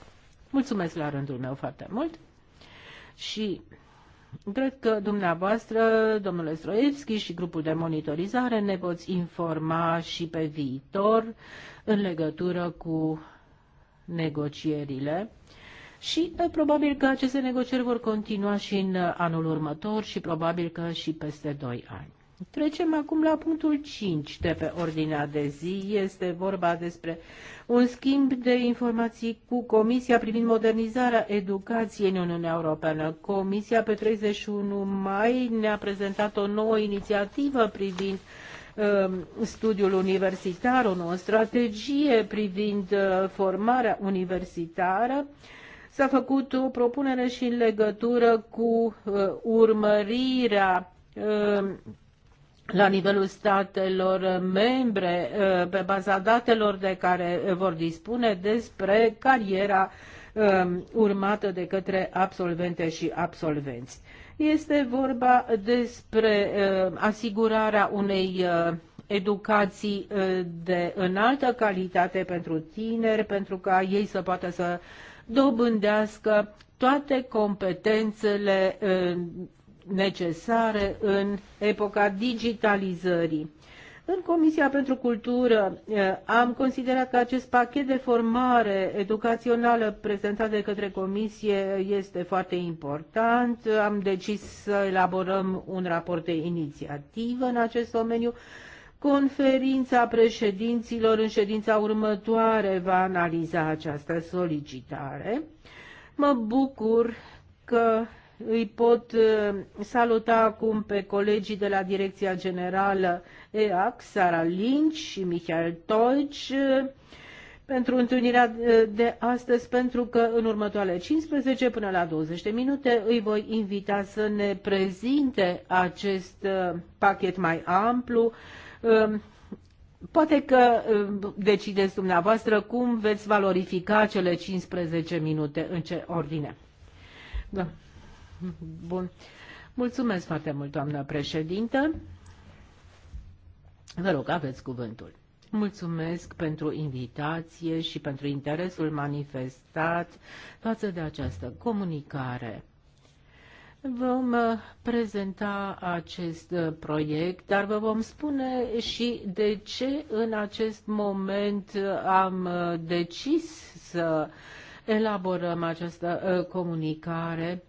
Mulțumesc la rândul meu foarte mult și Cred că dumneavoastră, domnule Stroevski și grupul de monitorizare ne poți informa și pe viitor în legătură cu negocierile și eh, probabil că aceste negocieri vor continua și în anul următor și probabil că și peste 2 ani. Trecem acum la punctul 5 de pe ordinea de zi. Este vorba despre un schimb de informații cu Comisia privind modernizarea educației în Uniunea Europeană. Comisia pe 31 mai ne-a prezentat o nouă inițiativă privind um, studiul universitar, o nouă strategie privind uh, formarea universitară. S-a făcut o propunere și în legătură cu uh, urmărirea um, la nivelul statelor membre eh, pe baza datelor de care vor dispune despre cariera eh, urmată de către absolvente și absolvenți. Este vorba despre eh, asigurarea unei educații de înaltă calitate pentru tineri, pentru ca ei să poată să dobândească toate competențele necesare în epoca digitalizării. În Comisia pentru Cultură eh, am considerat că acest pachet de formare educațională prezentat de către Comisie este foarte important. Am decis să elaborăm un raport de inițiativă în acest domeniu. Conferința președinților în ședința următoare va analiza această solicitare. Mă bucur că îi pot uh, saluta acum pe colegii de la Direcția Generală EAC, Sara Lynch și Michael Tolci, uh, pentru întâlnirea uh, de astăzi, pentru că în următoarele 15 până la 20 de minute îi voi invita să ne prezinte acest pachet mai amplu. Um, poate că decideți dumneavoastră cum veți valorifica cele 15 minute, în ce ordine. Da. Bun. Mulțumesc foarte mult, doamnă președintă. Vă rog, aveți cuvântul. Mulțumesc pentru invitație și pentru interesul manifestat față de această comunicare. Vom uh, prezenta acest uh, proiect, dar vă vom spune și de ce în acest moment uh, am decis să elaborăm această comunicare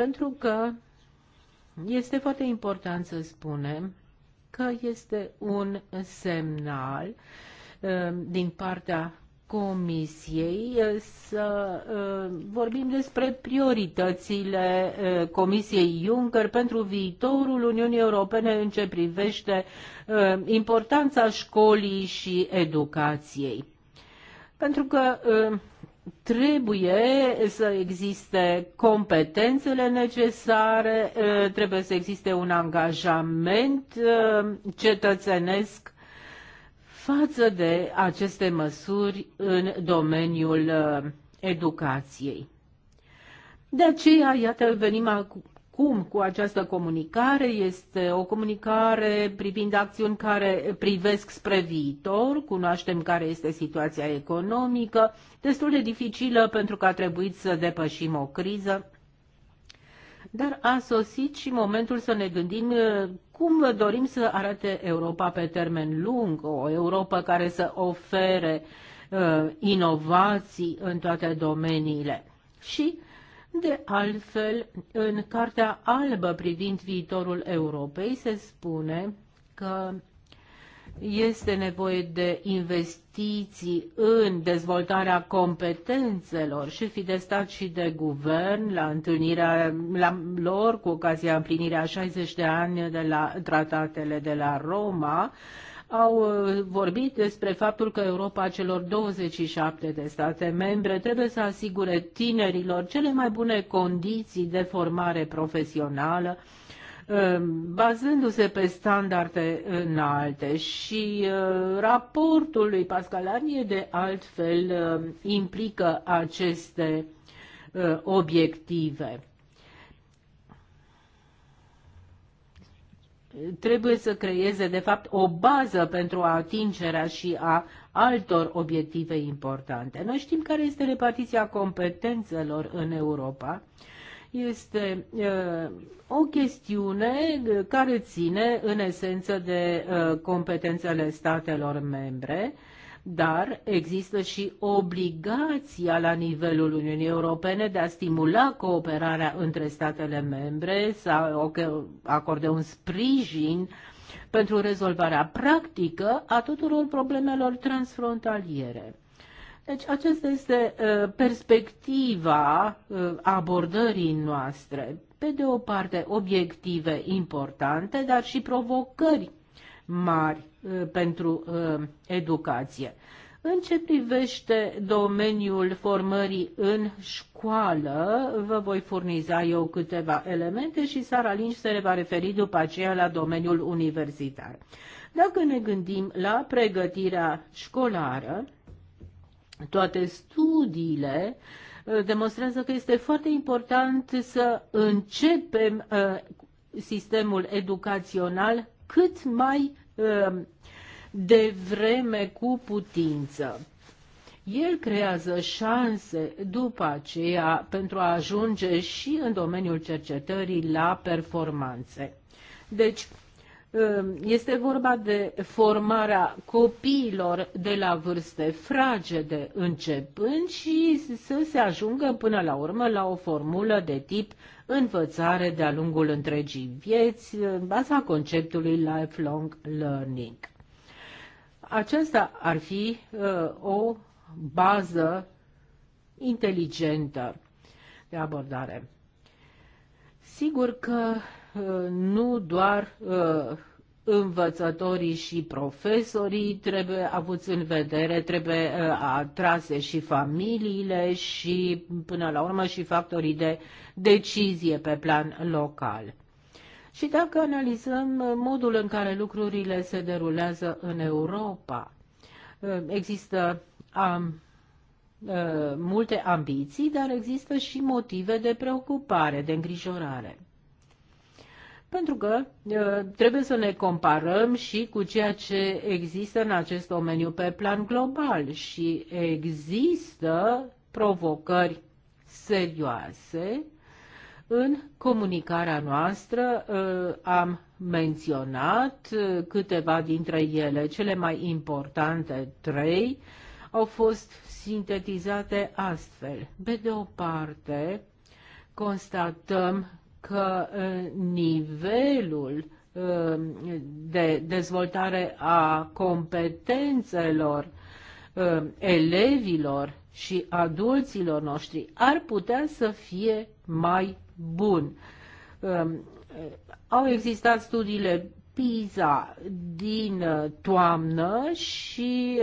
pentru că este foarte important să spunem că este un semnal uh, din partea Comisiei uh, să uh, vorbim despre prioritățile Comisiei Juncker pentru viitorul Uniunii Europene în ce privește importanța școlii și educației. Pentru că trebuie să existe competențele necesare, trebuie să existe un angajament cetățenesc față de aceste măsuri în domeniul educației. De aceea, iată, venim cum cu această comunicare este o comunicare privind acțiuni care privesc spre viitor, cunoaștem care este situația economică, destul de dificilă pentru că a trebuit să depășim o criză. Dar a sosit și momentul să ne gândim uh, cum dorim să arate Europa pe termen lung, o Europa care să ofere uh, inovații în toate domeniile. Și uh, de altfel, în Cartea Albă privind viitorul Europei se spune că este nevoie de investiții în dezvoltarea competențelor și fi de stat și de guvern la întâlnirea la lor cu ocazia împlinirea 60 de ani de la tratatele de la Roma au uh, vorbit despre faptul că Europa celor 27 de state membre trebuie să asigure tinerilor cele mai bune condiții de formare profesională, uh, bazându-se pe standarde înalte și uh, raportul lui Pascal Arnie de altfel implică aceste obiective. trebuie să creeze, de fapt, o bază pentru atingerea și a altor obiective importante. Noi știm care este repartiția competențelor în Europa. Este uh, o chestiune care ține, în esență, de uh, competențele statelor membre. Uh, dar există și obligația la nivelul Uniunii Europene de a stimula cooperarea între statele membre, să acorde un sprijin pentru rezolvarea practică a tuturor problemelor transfrontaliere. Deci aceasta este ă, perspectiva ă, abordării noastre. Pe de o parte, obiective importante, dar și provocări mari uh, pentru uh, educație. În ce privește domeniul formării în școală, vă voi furniza eu câteva elemente și Sara Lynch se va referi după aceea la domeniul universitar. Dacă ne gândim la pregătirea școlară, toate studiile uh, demonstrează că este foarte important să începem sistemul educațional cât mai Um, de vreme cu putință. El creează șanse după aceea pentru a ajunge și în domeniul cercetării la performanțe. Deci, um, este vorba de formarea copiilor de la vârste fragede începând și să se ajungă până la urmă la o formulă de tip învățare de-a lungul întregii vieți, în baza conceptului lifelong learning. Aceasta ar fi uh, o bază inteligentă de abordare. Sigur că uh, nu doar uh, învățătorii și profesorii trebuie avuți în vedere, trebuie uh, atrase și familiile și până la urmă și factorii de decizie pe plan local. Și dacă analizăm uh, modul în care lucrurile se derulează în Europa, uh, există am, multe ambiții, dar există și motive de preocupare, de îngrijorare pentru că uh, trebuie să ne comparăm și cu ceea ce există în acest domeniu pe plan global și există provocări serioase în comunicarea noastră uh, am menționat uh, câteva dintre ele, cele mai importante trei, au fost sintetizate astfel. Pe de o parte, constatăm că nivelul de dezvoltare a competențelor elevilor și adulților noștri ar putea să fie mai bun. Au existat studiile PISA din toamnă și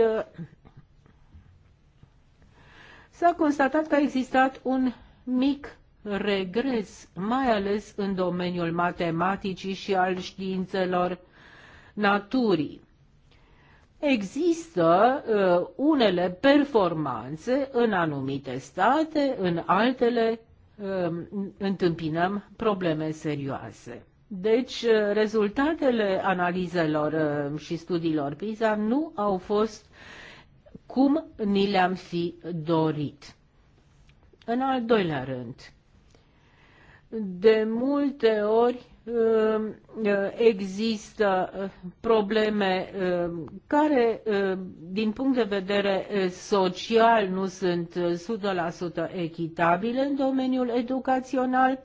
s-a constatat că a existat un mic regres, mai ales în domeniul matematicii și al științelor naturii. Există uh, unele performanțe în anumite state, în altele uh, întâmpinăm probleme serioase. Deci, uh, rezultatele analizelor um, și studiilor PISA nu au fost cum ni le-am fi dorit. În al doilea rând, de multe ori um, uh, există uh, probleme um, care, um, din punct de vedere uh, social, nu sunt 100% echitabile în domeniul educațional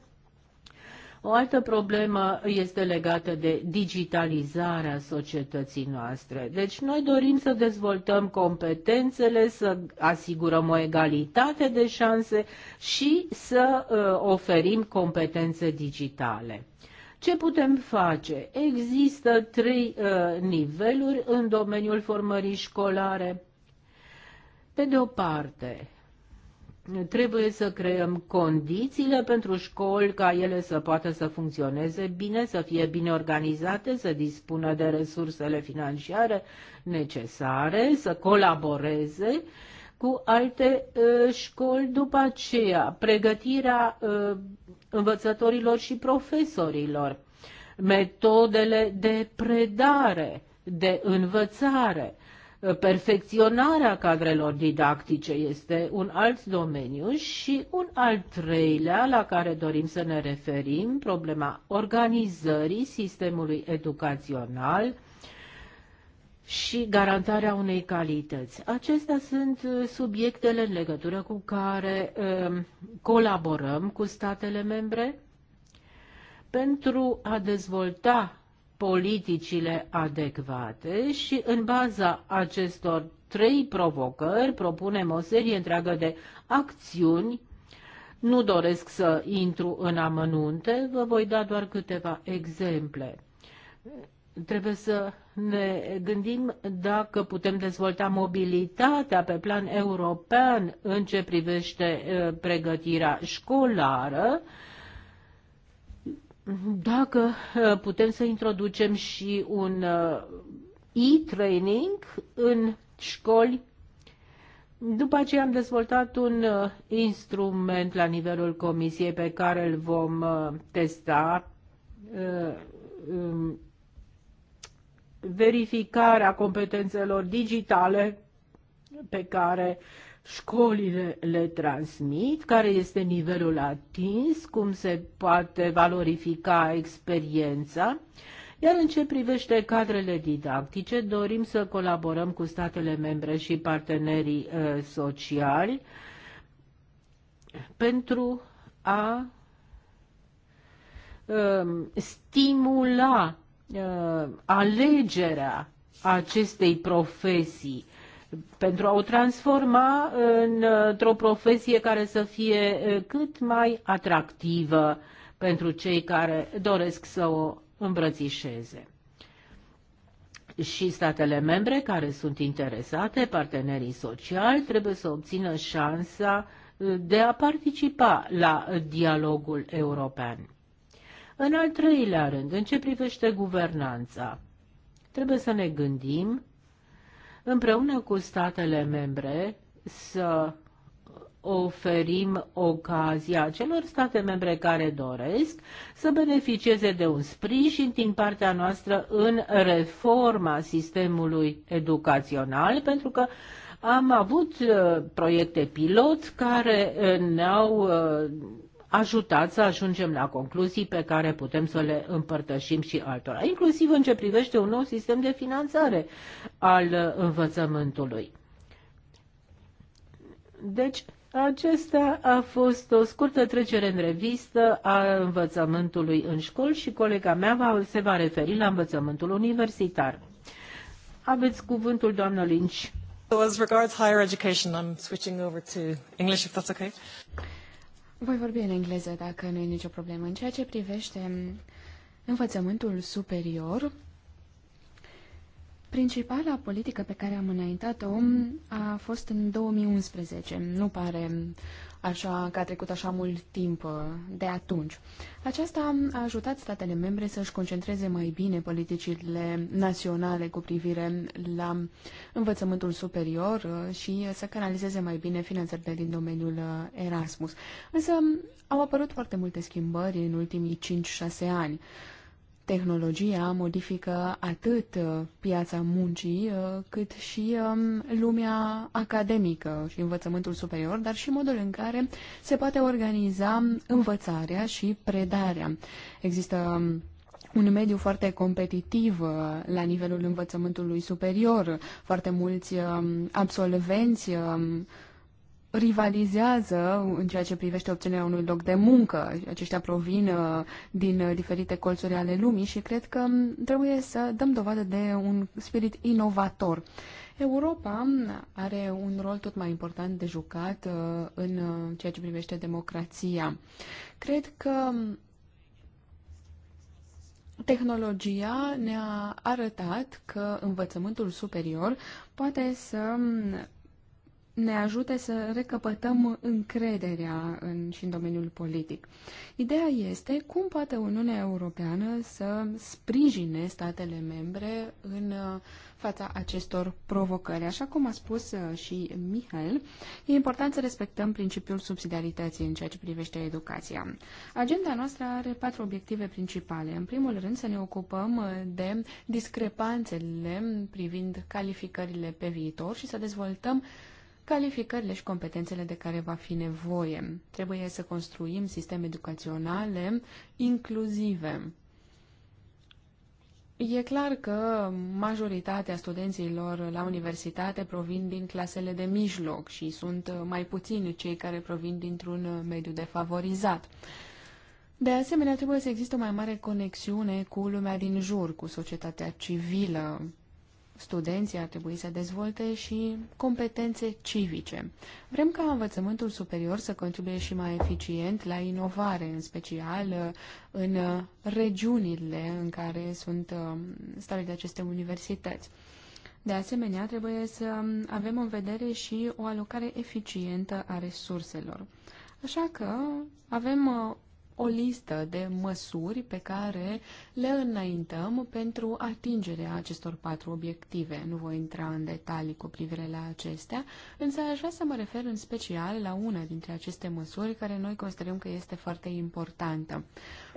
o altă problemă este legată de digitalizarea societății noastre. Deci noi dorim să dezvoltăm competențele, să asigurăm o egalitate de șanse și să uh, oferim competențe digitale. Ce putem face? Există trei uh, niveluri în domeniul formării școlare. Pe de o parte, trebuie să creăm condițiile pentru școli ca ele să poată să funcționeze bine, să fie bine organizate, să dispună de resursele financiare necesare, să colaboreze cu alte uh, școli după aceea, pregătirea uh, învățătorilor și profesorilor, metodele de predare, de învățare perfecționarea cadrelor didactice este un alt domeniu și un al treilea la care dorim să ne referim, problema organizării sistemului educațional și garantarea unei calități. Acestea sunt uh, subiectele în legătură cu care um, colaborăm cu statele membre pentru a dezvolta politicile adecvate și în baza acestor trei provocări propunem o serie întreagă de acțiuni. Nu doresc să intru în amănunte, vă voi da doar câteva exemple. Trebuie să ne gândim dacă putem dezvolta mobilitatea pe plan european în ce privește eh, pregătirea școlară, dacă uh, putem să introducem și un uh, e-training în școli. După aceea am dezvoltat un uh, instrument la nivelul comisiei pe care îl vom testa um, verificarea competențelor digitale pe care școlile le transmit, care este nivelul atins, cum se poate valorifica experiența. Iar în ce privește cadrele didactice, dorim să colaborăm cu statele membre și partenerii uh, sociali pentru a uh, stimula uh, alegerea acestei profesii pentru a o transforma într-o profesie care să fie eh, cât mai atractivă pentru cei care doresc să o îmbrățișeze. Și statele membre care sunt interesate, partenerii sociali, trebuie să obțină șansa eh, de a participa la dialogul european. În al treilea rând, în ce privește guvernanța, trebuie să ne gândim împreună cu statele membre să oferim ocazia celor state membre care doresc să beneficieze de un sprijin din partea noastră în reforma sistemului educațional, pentru că am avut uh, proiecte pilot care uh, ne-au uh, ajutat să ajungem la concluzii pe care putem să le împărtășim și altora, inclusiv în ce privește un nou sistem de finanțare al învățământului. Deci, acesta a fost o scurtă trecere în revistă a învățământului în școli și colega mea va, se va referi la învățământul universitar. Aveți cuvântul, doamnă Lynch. So as regards higher education, I'm switching over to English, if that's okay. Voi vorbi în engleză dacă nu e nicio problemă. În ceea ce privește învățământul superior, Principala politică pe care am înaintat-o a fost în 2011. Nu pare așa că a trecut așa mult timp uh, de atunci. Aceasta a ajutat statele membre să-și concentreze mai bine politicile naționale cu privire la învățământul superior uh, și să canalizeze mai bine finanțările din domeniul uh, Erasmus. Însă au apărut foarte multe schimbări în ultimii 5-6 ani tehnologia modifică atât uh, piața muncii, uh, cât și um, lumea academică și învățământul superior, dar și modul în care se poate organiza învățarea și predarea. Există um, un mediu foarte competitiv uh, la nivelul învățământului superior, foarte mulți um, absolvenți rivalizează în ceea ce privește obținerea unui loc de muncă. Aceștia provin uh, din uh, diferite colțuri ale lumii și cred că um, trebuie să dăm dovadă de un spirit inovator. Europa um, are un rol tot mai important de jucat uh, în ceea ce privește democrația. Cred că um, tehnologia ne-a arătat că învățământul superior poate să ne ajute să recăpătăm încrederea în, și în domeniul politic. Ideea este cum poate Uniunea Europeană să sprijine statele membre în uh, fața acestor provocări. Așa cum a spus uh, și Mihail, e important să respectăm principiul subsidiarității în ceea ce privește educația. Agenda noastră are patru obiective principale. În primul rând să ne ocupăm uh, de discrepanțele privind calificările pe viitor și să dezvoltăm calificările și competențele de care va fi nevoie. Trebuie să construim sisteme educaționale inclusive. E clar că majoritatea studenților la universitate provin din clasele de mijloc și sunt mai puțini cei care provin dintr-un mediu defavorizat. De asemenea, trebuie să existe o mai mare conexiune cu lumea din jur, cu societatea civilă, studenții ar trebui să dezvolte și competențe civice. Vrem ca învățământul superior să contribuie și mai eficient la inovare, în special uh, în uh, regiunile în care sunt uh, stabilite aceste universități. De asemenea, trebuie să um, avem în vedere și o alocare eficientă a resurselor. Așa că avem o listă de măsuri pe care le înaintăm pentru atingerea acestor patru obiective. Nu voi intra în detalii cu privire la acestea, însă aș vrea să mă refer în special la una dintre aceste măsuri care noi considerăm că este foarte importantă.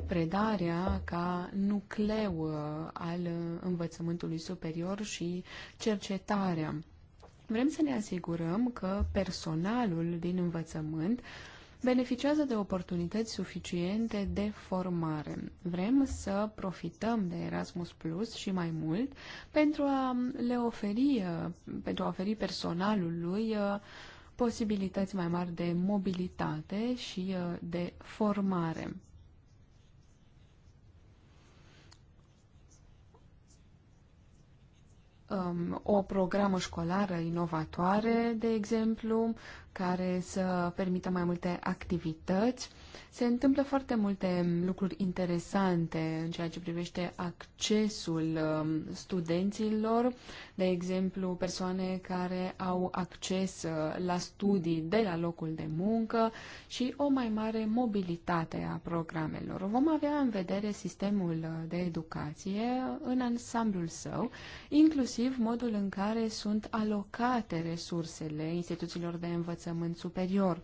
Predarea ca nucleu uh, al învățământului superior și cercetarea. Vrem să ne asigurăm că personalul din învățământ uh, beneficiază de oportunități suficiente de formare. Vrem să profităm de Erasmus Plus și mai mult pentru a le oferi, uh, pentru a oferi personalului uh, posibilități mai mari de mobilitate și uh, de formare. Um, o programă școlară inovatoare, de exemplu, care să permită mai multe activități se întâmplă foarte multe lucruri interesante în ceea ce privește accesul um, studenților, de exemplu persoane care au acces uh, la studii de la locul de muncă și o mai mare mobilitate a programelor. Vom avea în vedere sistemul uh, de educație în ansamblul său, inclusiv modul în care sunt alocate resursele instituțiilor de învățământ superior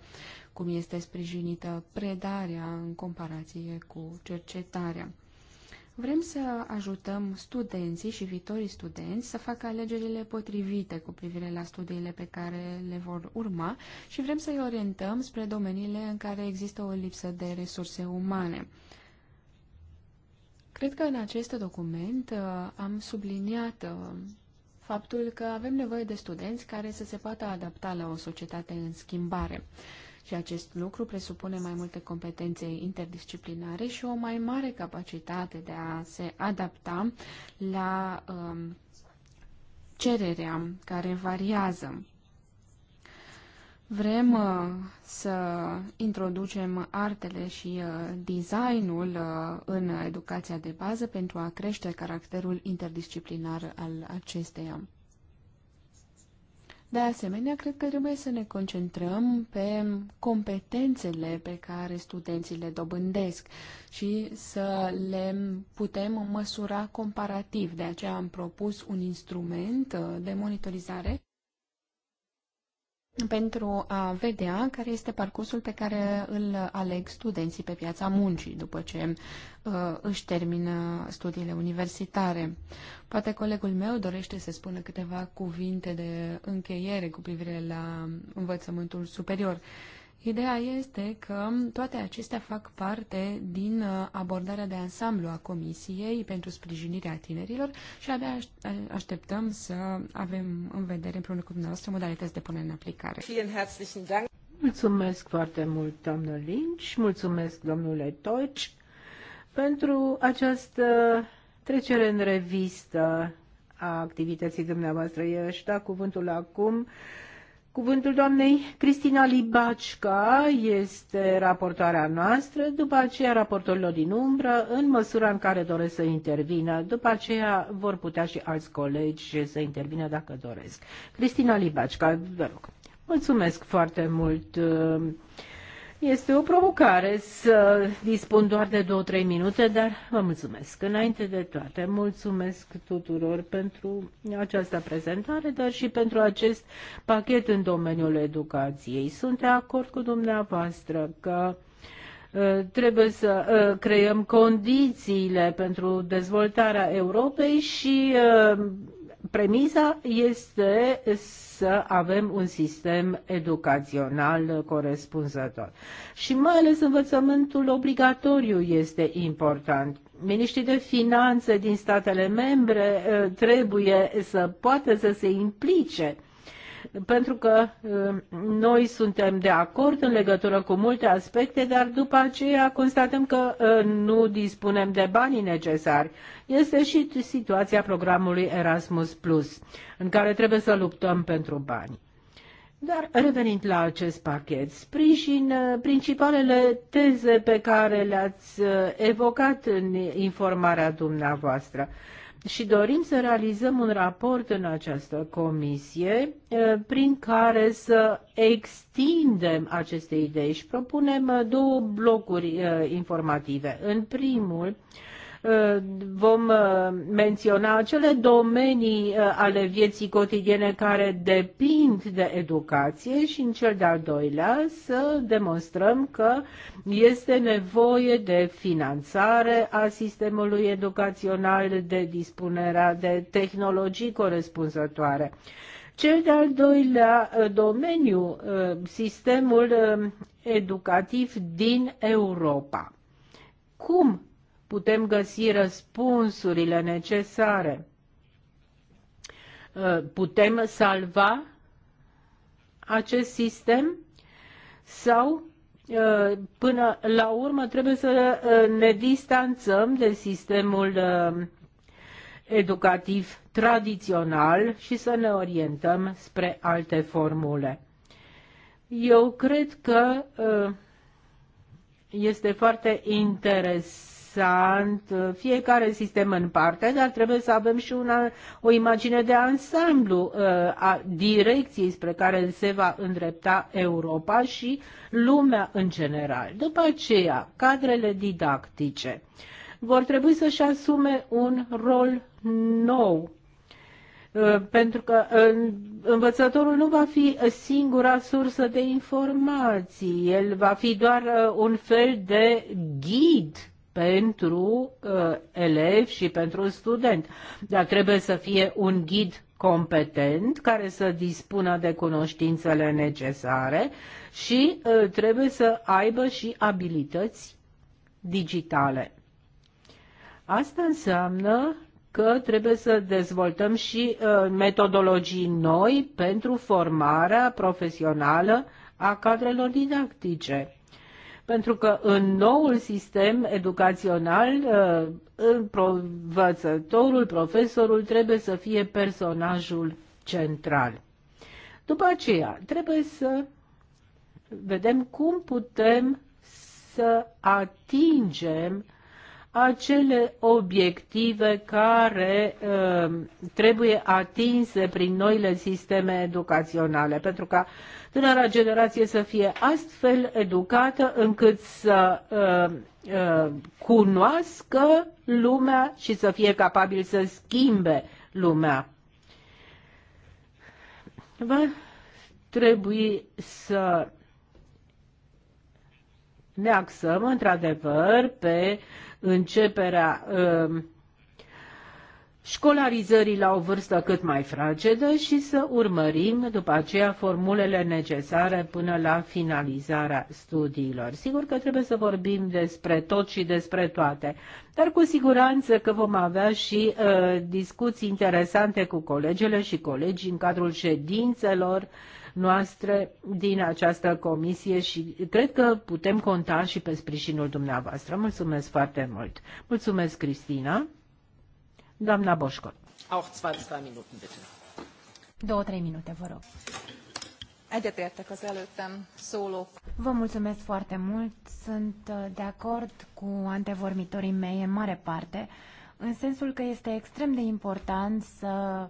cum este sprijinită predarea în comparație cu cercetarea. Vrem să ajutăm studenții și viitorii studenți să facă alegerile potrivite cu privire la studiile pe care le vor urma și vrem să-i orientăm spre domeniile în care există o lipsă de resurse umane. Cred că în acest document uh, am subliniat uh, faptul că avem nevoie de studenți care să se poată adapta la o societate în schimbare. Și acest lucru presupune mai multe competențe interdisciplinare și o mai mare capacitate de a se adapta la um, cererea care variază. Vrem uh, să introducem artele și uh, designul uh, în educația de bază pentru a crește caracterul interdisciplinar al acesteia. De asemenea, cred că trebuie să ne concentrăm pe competențele pe care studenții le dobândesc și să le putem măsura comparativ. De aceea am propus un instrument uh, de monitorizare pentru a vedea care este parcursul pe care îl aleg studenții pe piața muncii după ce uh, își termină studiile universitare. Poate colegul meu dorește să spună câteva cuvinte de încheiere cu privire la învățământul superior. Uh, Ideea este că toate acestea fac parte din uh, abordarea de ansamblu a Comisiei pentru sprijinirea tinerilor și abia așteptăm să avem în vedere împreună cu dumneavoastră modalități de punere în aplicare. Mulțumesc foarte mult, doamnă Lynch, mulțumesc, domnule Toci, pentru această trecere în revistă a activității dumneavoastră. aș da cuvântul acum Cuvântul doamnei Cristina Libacica este raportoarea noastră, după aceea raportorilor din umbră, în măsura în care doresc să intervină, după aceea vor putea și alți colegi să intervină dacă doresc. Cristina Libacica, vă rog. Mulțumesc foarte mult. Uh, este o provocare să dispun doar de 2-3 minute, dar vă mulțumesc. Înainte de toate, mulțumesc tuturor pentru această prezentare, dar și pentru acest pachet în domeniul educației. Sunt de acord cu dumneavoastră că uh, trebuie să uh, creăm condițiile pentru dezvoltarea Europei și uh, Premisa este să avem un sistem educațional corespunzător. Și mai ales învățământul obligatoriu este important. Miniștrii de finanțe din statele membre uh, trebuie să poată să se implice pentru că uh, noi suntem de acord în legătură cu multe aspecte, dar după aceea constatăm că uh, nu dispunem de banii necesari este și situația programului Erasmus Plus, în care trebuie să luptăm pentru bani. Dar revenind la acest pachet, sprijin uh, principalele teze pe care le-ați uh, evocat în informarea dumneavoastră și dorim să realizăm un raport în această comisie uh, prin care să extindem aceste idei și propunem două blocuri informative. În primul, vom uh, menționa acele domenii uh, ale vieții cotidiene care depind de educație și în cel de-al doilea să demonstrăm că este nevoie de finanțare a sistemului educațional, de dispunerea de tehnologii corespunzătoare. Cel de-al doilea uh, domeniu, sistemul educativ din Europa. Cum putem găsi răspunsurile necesare. Uh, putem salva acest sistem sau uh, până la urmă trebuie să uh, ne distanțăm de sistemul educativ tradițional și să ne orientăm spre alte formule. Eu cred că este foarte interesant interesant uh, fiecare sistem în parte, dar trebuie să avem și una, o imagine de ansamblu uh, a direcției spre care se va îndrepta Europa și lumea în general. După aceea, cadrele didactice vor trebui să-și asume un rol nou uh, pentru că învățătorul nu va fi singura sursă de informații, el va fi doar un fel de ghid pentru uh, elev și pentru student. Dar trebuie să fie un ghid competent care să dispună de cunoștințele necesare și uh, trebuie să aibă și abilități digitale. Asta înseamnă că trebuie să dezvoltăm și uh, metodologii noi pentru formarea profesională a cadrelor didactice pentru că în noul sistem educațional uh, învățătorul, profesorul trebuie să fie personajul central. După aceea, trebuie să vedem cum putem să atingem acele obiective care uh, trebuie atinse prin noile sisteme educaționale, pentru uh, tânăra generație să fie astfel educată încât să uh, uh, cunoască lumea și să fie capabil să schimbe lumea. Va trebui să ne axăm într-adevăr pe începerea uh, școlarizării la o vârstă cât mai fragedă și să urmărim după aceea formulele necesare până la finalizarea studiilor. Sigur că trebuie să vorbim despre tot și despre toate, dar cu siguranță că vom avea și uh, discuții interesante cu colegele și colegii în cadrul ședințelor noastre din această comisie și cred că putem conta și pe sprijinul dumneavoastră. Mulțumesc foarte mult! Mulțumesc, Cristina! Doamna Boșco. Auch zwei, zwei minuten, bitte. Două, trei minute, vă rog. Vă mulțumesc foarte mult. Sunt uh, de acord cu antevormitorii mei în mare parte, în sensul că este extrem de important să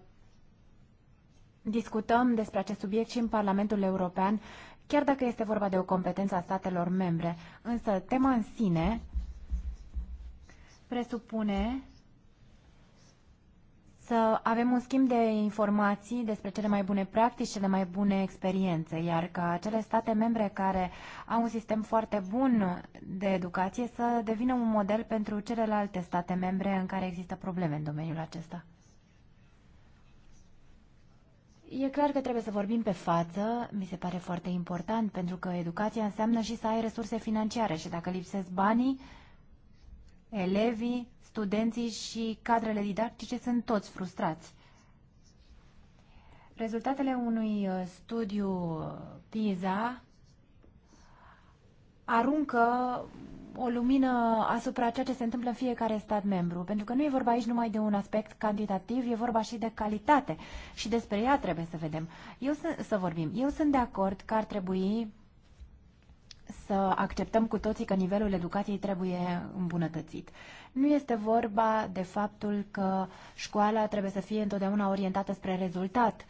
discutăm despre acest subiect și în Parlamentul European, chiar dacă este vorba de o competență a statelor membre. Însă tema în sine presupune să avem un schimb de informații despre cele mai bune practici, cele mai bune experiențe, iar ca acele state membre care au un sistem foarte bun de educație să devină un model pentru celelalte state membre în care există probleme în domeniul acesta. E clar că trebuie să vorbim pe față, mi se pare foarte important, pentru că educația înseamnă și să ai resurse financiare și dacă lipsesc banii, elevii studenții și cadrele didactice sunt toți frustrați. Rezultatele unui uh, studiu uh, PISA aruncă o lumină asupra ceea ce se întâmplă în fiecare stat membru, pentru că nu e vorba aici numai de un aspect cantitativ, e vorba și de calitate și despre ea trebuie să vedem. Eu să, să vorbim. Eu sunt de acord că ar trebui să acceptăm cu toții că nivelul educației trebuie îmbunătățit. Nu este vorba de faptul că școala trebuie să fie întotdeauna orientată spre rezultat,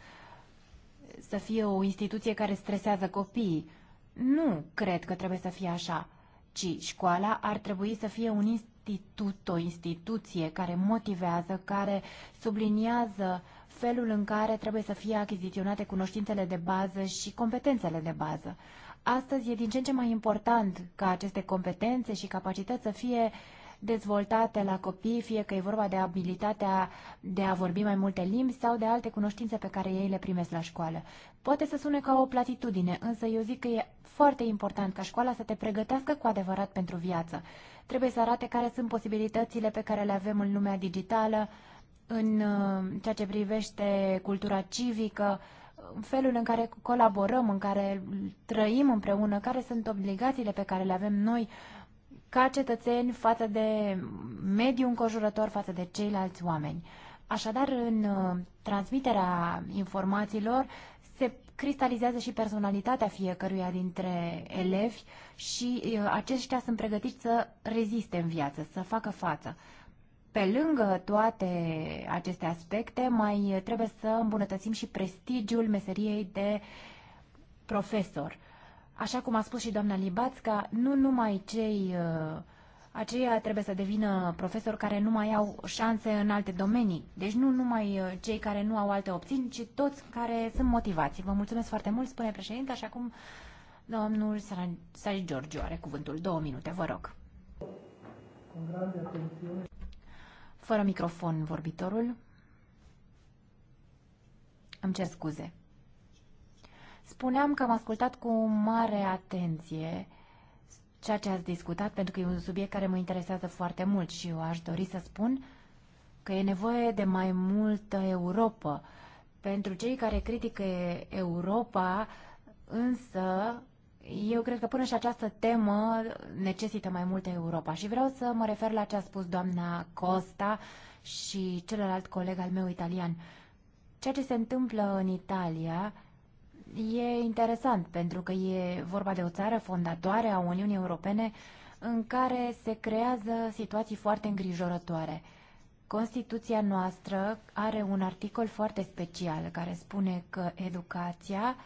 să fie o instituție care stresează copiii. Nu cred că trebuie să fie așa, ci școala ar trebui să fie un institut, o instituție care motivează, care subliniază felul în care trebuie să fie achiziționate cunoștințele de bază și competențele de bază. Astăzi e din ce în ce mai important ca aceste competențe și capacități să fie uh, dezvoltate la copii, fie că e vorba de abilitatea de a vorbi mai multe limbi sau de alte cunoștințe pe care ei le primesc la școală. Poate să sune ca o platitudine, însă eu zic că e foarte important ca școala să te pregătească cu adevărat pentru viață. Trebuie să arate care sunt posibilitățile pe care le avem în lumea digitală, în uh, ceea ce privește cultura civică, felul în care colaborăm, în care trăim împreună, care sunt obligațiile pe care le avem noi ca cetățeni față de mediul înconjurător, față de ceilalți oameni. Așadar, în uh, transmiterea informațiilor se cristalizează și personalitatea fiecăruia dintre elevi și uh, aceștia sunt pregătiți să reziste în viață, să facă față. Pe lângă toate aceste aspecte, mai trebuie să îmbunătățim și prestigiul meseriei de profesor așa cum a spus și doamna Libațca, nu numai cei uh, aceia trebuie să devină profesori care nu mai au șanse în alte domenii. Deci nu numai uh, cei care nu au alte opțiuni, ci toți care sunt motivați. Vă mulțumesc foarte mult, spune președinte, așa cum domnul Sari Giorgio are cuvântul. Două minute, vă rog. Fără microfon vorbitorul. Îmi cer scuze. Spuneam că am ascultat cu mare atenție ceea ce ați discutat, pentru că e un subiect care mă interesează foarte mult și eu aș dori să spun că e nevoie de mai multă Europa. Pentru cei care critică Europa, însă, eu cred că până și această temă necesită mai multă Europa. Și vreau să mă refer la ce a spus doamna Costa și celălalt coleg al meu italian. Ceea ce se întâmplă în Italia E interesant pentru că e vorba de o țară fondatoare a Uniunii Europene în care se creează situații foarte îngrijorătoare. Constituția noastră are un articol foarte special care spune că educația uh,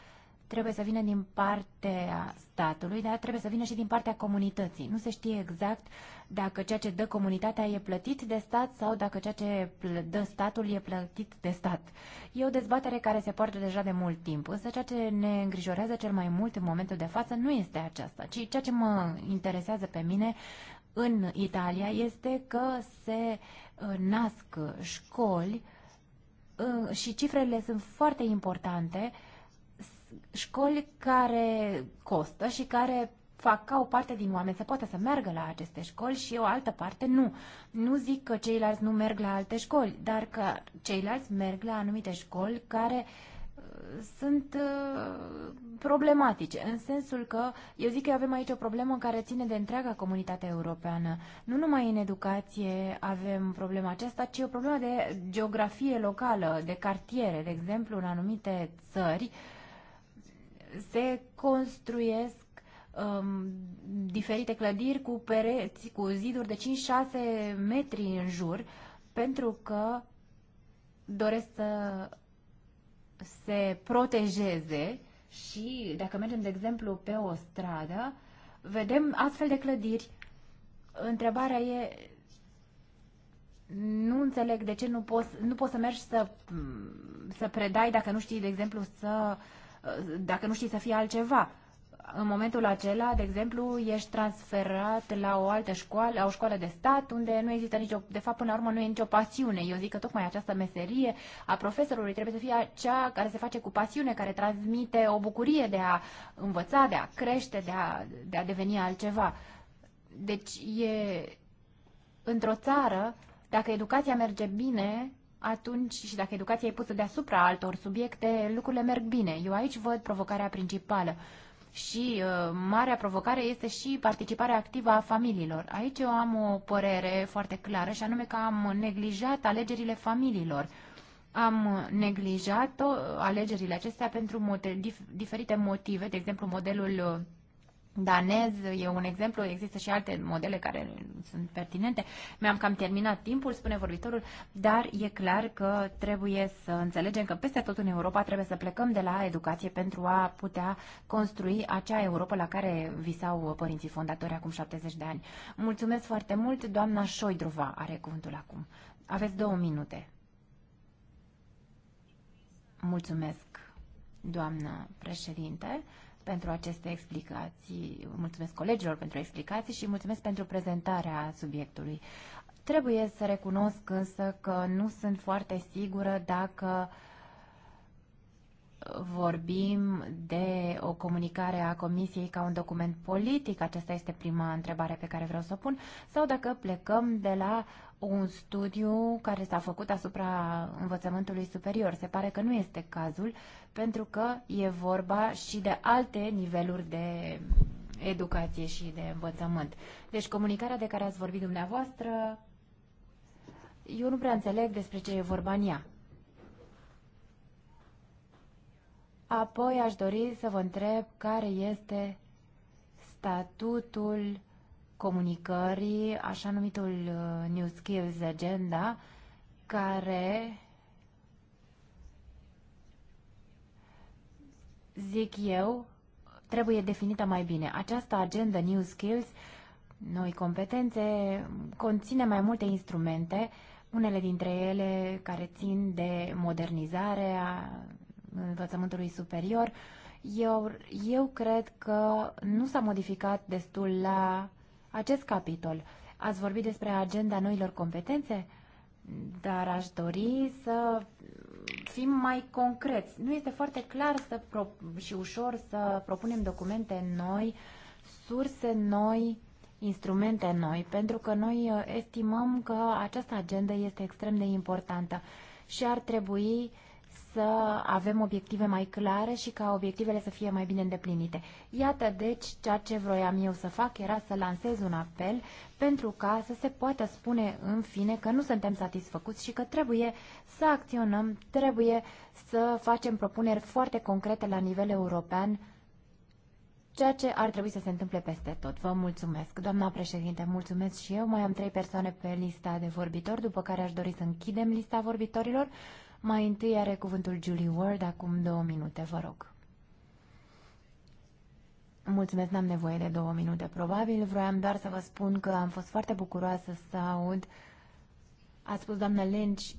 trebuie să vină din partea statului, dar trebuie să vină și din partea comunității. Nu se știe exact dacă ceea ce dă comunitatea e plătit de stat sau dacă ceea ce dă statul e plătit de stat. E o dezbatere care se poartă deja de mult timp, însă ceea ce ne îngrijorează cel mai mult în momentul de față nu este aceasta, ci ceea ce mă interesează pe mine în Italia este că se uh, nasc școli uh, și cifrele sunt foarte importante uh, școli care costă și care fac ca o parte din oameni să poată să meargă la aceste școli și o altă parte nu. Nu zic că ceilalți nu merg la alte școli, dar că ceilalți merg la anumite școli care uh, sunt uh, problematice, în sensul că eu zic că avem aici o problemă care ține de întreaga comunitate europeană. Nu numai în educație avem problema aceasta, ci o problemă de geografie locală, de cartiere, de exemplu, în anumite țări, uh, se construiesc um, diferite clădiri cu pereți, cu ziduri de 5-6 metri în jur, pentru că doresc să se protejeze și dacă mergem, de exemplu, pe o stradă, vedem astfel de clădiri. Întrebarea e, nu înțeleg de ce nu poți, nu poți să mergi să, să predai dacă nu știi, de exemplu, să uh, dacă nu știi să fie altceva. În momentul acela, de exemplu, ești transferat la o altă școală, la o școală de stat, unde nu există nicio, de fapt, până la urmă, nu e nicio pasiune. Eu zic că tocmai această meserie a profesorului trebuie să fie cea care se face cu pasiune, care transmite o bucurie de a învăța, de a crește, de a, de a deveni altceva. Deci e într-o țară, dacă educația merge bine, atunci și dacă educația e pusă deasupra altor subiecte, lucrurile merg bine. Eu aici văd provocarea principală și uh, marea provocare este și participarea activă a familiilor. Aici eu am o părere foarte clară și anume că am neglijat alegerile familiilor. Am neglijat uh, alegerile acestea pentru mote, dif, diferite motive, de exemplu modelul uh, danez e un exemplu, există și alte modele care sunt pertinente. Mi-am cam terminat timpul, spune vorbitorul, dar e clar că trebuie să înțelegem că peste tot în Europa trebuie să plecăm de la educație pentru a putea construi acea Europa la care visau părinții fondatori acum 70 de ani. Mulțumesc foarte mult, doamna Șoidruva are cuvântul acum. Aveți două minute. Mulțumesc, doamnă președinte pentru aceste explicații, mulțumesc colegilor pentru explicații și mulțumesc pentru prezentarea subiectului. Trebuie să recunosc însă că nu sunt foarte sigură dacă vorbim de o comunicare a Comisiei ca un document politic, aceasta este prima întrebare pe care vreau să o pun, sau dacă plecăm de la un studiu care s-a făcut asupra învățământului superior. Se pare că nu este cazul, pentru că e vorba și de alte niveluri de educație și de învățământ. Deci comunicarea de care ați vorbit dumneavoastră, eu nu prea înțeleg despre ce e vorba în ea. Apoi aș dori să vă întreb care este statutul comunicării, așa numitul uh, New Skills Agenda, care zic eu, trebuie definită mai bine. Această agenda New Skills, noi competențe, conține mai multe instrumente, unele dintre ele care țin de modernizarea învățământului superior. Eu, eu cred că nu s-a modificat destul la acest capitol. Ați vorbit despre agenda noilor competențe? dar aș dori să fim mai concreți. Nu este foarte clar să pro- și ușor să propunem documente noi, surse noi, instrumente noi, pentru că noi uh, estimăm că această agendă este extrem de importantă și ar trebui uh, să avem obiective mai clare și ca obiectivele să fie mai bine îndeplinite. Iată, deci, ceea ce vroiam eu să fac era să lansez un apel pentru ca să se poată spune în fine că nu suntem satisfăcuți și că trebuie să acționăm, trebuie să facem propuneri foarte concrete la nivel european, ceea ce ar trebui să se întâmple peste tot. Vă mulțumesc. Doamna președinte, mulțumesc și eu. Mai am trei persoane pe lista de vorbitori, după care aș dori să închidem lista vorbitorilor. Mai întâi are cuvântul Julie Ward, acum două minute, vă rog. Mulțumesc, n-am nevoie de două minute, probabil. Vroiam doar să vă spun că am fost foarte bucuroasă să aud. A spus doamna Lynch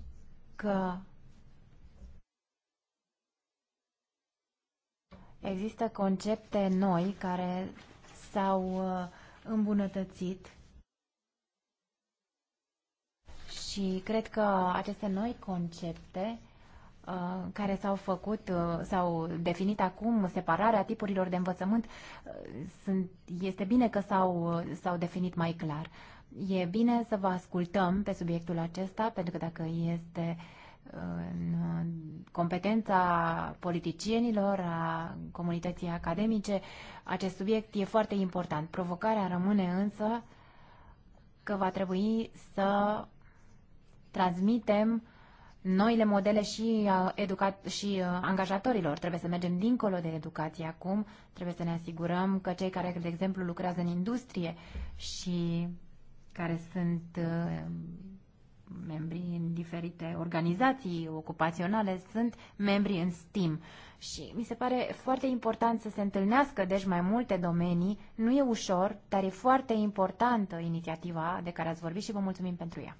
că există concepte noi care s-au uh, îmbunătățit Și cred că aceste noi concepte uh, care s-au făcut, uh, s-au definit acum separarea tipurilor de învățământ, uh, sunt, este bine că s-au, s-au definit mai clar. E bine să vă ascultăm pe subiectul acesta, pentru că dacă este în competența politicienilor, a comunității academice, acest subiect e foarte important. Provocarea rămâne însă că va trebui să transmitem noile modele și, uh, educa- și uh, angajatorilor. Trebuie să mergem dincolo de educație acum, trebuie să ne asigurăm că cei care, de exemplu, lucrează în industrie și care sunt uh, membri în diferite organizații ocupaționale, sunt membri în STEAM. Și mi se pare foarte important să se întâlnească, deci, mai multe domenii. Nu e ușor, dar e foarte importantă inițiativa de care ați vorbit și vă mulțumim pentru ea.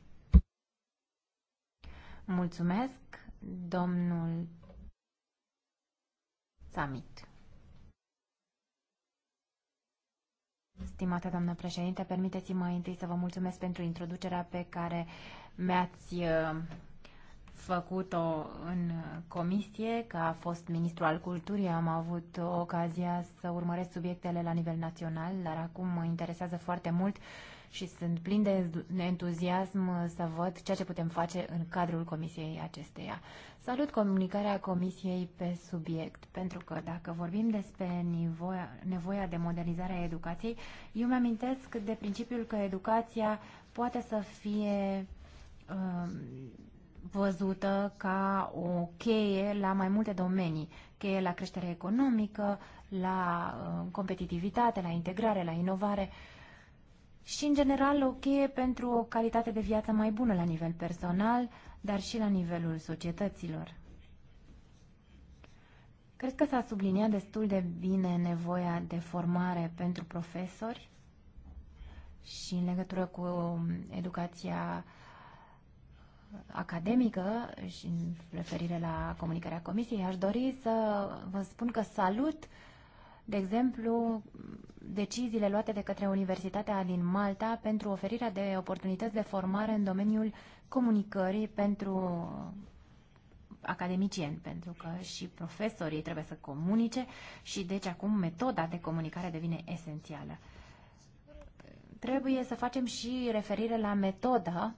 Mulțumesc, domnul Samit. Stimată doamnă președinte, permiteți-mă întâi să vă mulțumesc pentru introducerea pe care mi-ați uh, făcut-o în comisie, că a fost ministru al culturii, am avut ocazia să urmăresc subiectele la nivel național, dar acum mă interesează foarte mult uh, și sunt plin de entuziasm uh, să văd ceea ce putem face în cadrul comisiei acesteia. Salut comunicarea comisiei pe subiect, pentru că dacă vorbim despre nevoia, nevoia de modernizare a educației, eu mi-amintesc de principiul că educația poate să fie uh, văzută ca o cheie la mai multe domenii, cheie la creștere economică, la uh, competitivitate, la integrare, la inovare. Uh, și, în general, o cheie pentru o calitate de viață mai bună la nivel personal, dar și la nivelul societăților. Cred că s-a subliniat destul de bine nevoia de formare pentru profesori și în legătură cu um, educația academică și în referire la comunicarea comisiei, aș dori să vă spun că salut, de exemplu, deciziile luate de către Universitatea din Malta pentru oferirea de oportunități de formare în domeniul comunicării pentru academicieni, pentru că și profesorii trebuie să comunice și deci acum metoda de comunicare devine esențială. Trebuie să facem și referire la metoda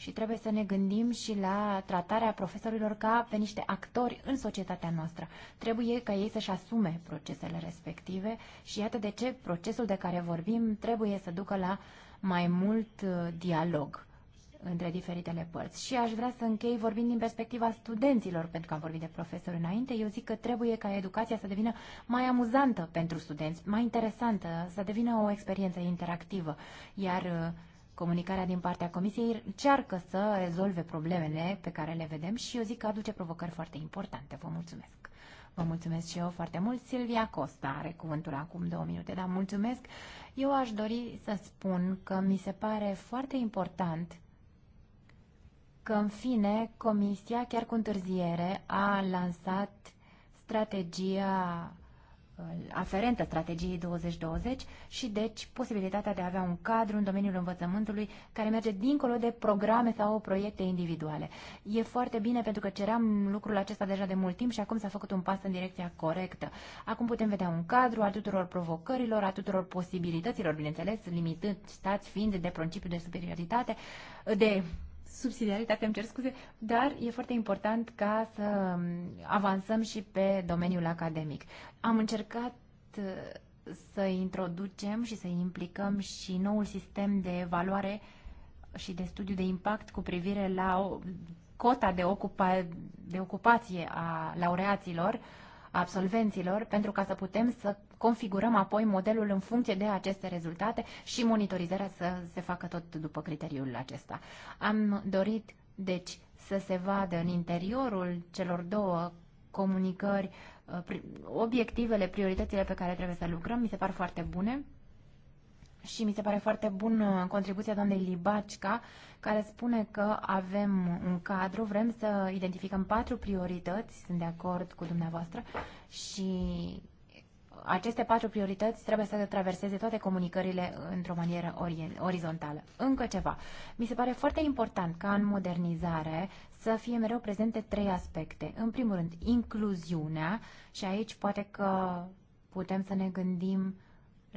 și trebuie să ne gândim și la tratarea profesorilor ca pe niște actori în societatea noastră. Trebuie ca ei să-și asume procesele respective și iată de ce procesul de care vorbim trebuie să ducă la mai mult uh, dialog între diferitele părți. Și aș vrea să închei vorbind din perspectiva studenților, pentru că am vorbit de profesori înainte. Eu zic că trebuie ca educația să devină mai amuzantă pentru studenți, mai interesantă, să devină o experiență interactivă. Iar uh, comunicarea din partea Comisiei încearcă să rezolve problemele pe care le vedem și eu zic că aduce provocări foarte importante. Vă mulțumesc! Vă mulțumesc și eu foarte mult. Silvia Costa are cuvântul acum două minute, dar mulțumesc. Eu aș dori să spun că mi se pare foarte important că, în fine, Comisia, chiar cu întârziere, a lansat strategia Uh, aferentă strategiei 2020 și deci posibilitatea de a avea un cadru în domeniul învățământului care merge dincolo de programe sau proiecte individuale. E foarte bine pentru că ceream lucrul acesta deja de mult timp și acum s-a făcut un pas în direcția corectă. Acum putem vedea un cadru a tuturor provocărilor, a tuturor posibilităților, bineînțeles, limitând stați fiind de principiul de superioritate, de subsidiaritate, îmi cer scuze, dar e foarte important ca să um, avansăm și pe domeniul academic. Am încercat uh, să introducem și să implicăm și noul sistem de evaluare și de studiu de impact cu privire la cota de, ocupa, de ocupație a laureaților, absolvenților, pentru ca să putem să configurăm apoi modelul în funcție de aceste rezultate și monitorizarea să se facă tot după criteriul acesta. Am dorit, deci, să se vadă în interiorul celor două comunicări uh, obiectivele, prioritățile pe care trebuie să lucrăm, mi se par foarte bune. Și mi se pare foarte bună uh, contribuția doamnei Libacica, care spune că avem un cadru, vrem să identificăm patru priorități, sunt de acord cu dumneavoastră, și aceste patru priorități trebuie să traverseze toate comunicările într-o manieră orizontală. Încă ceva. Mi se pare foarte important ca în modernizare să fie mereu prezente trei aspecte. În primul rând, incluziunea și aici poate că putem să ne gândim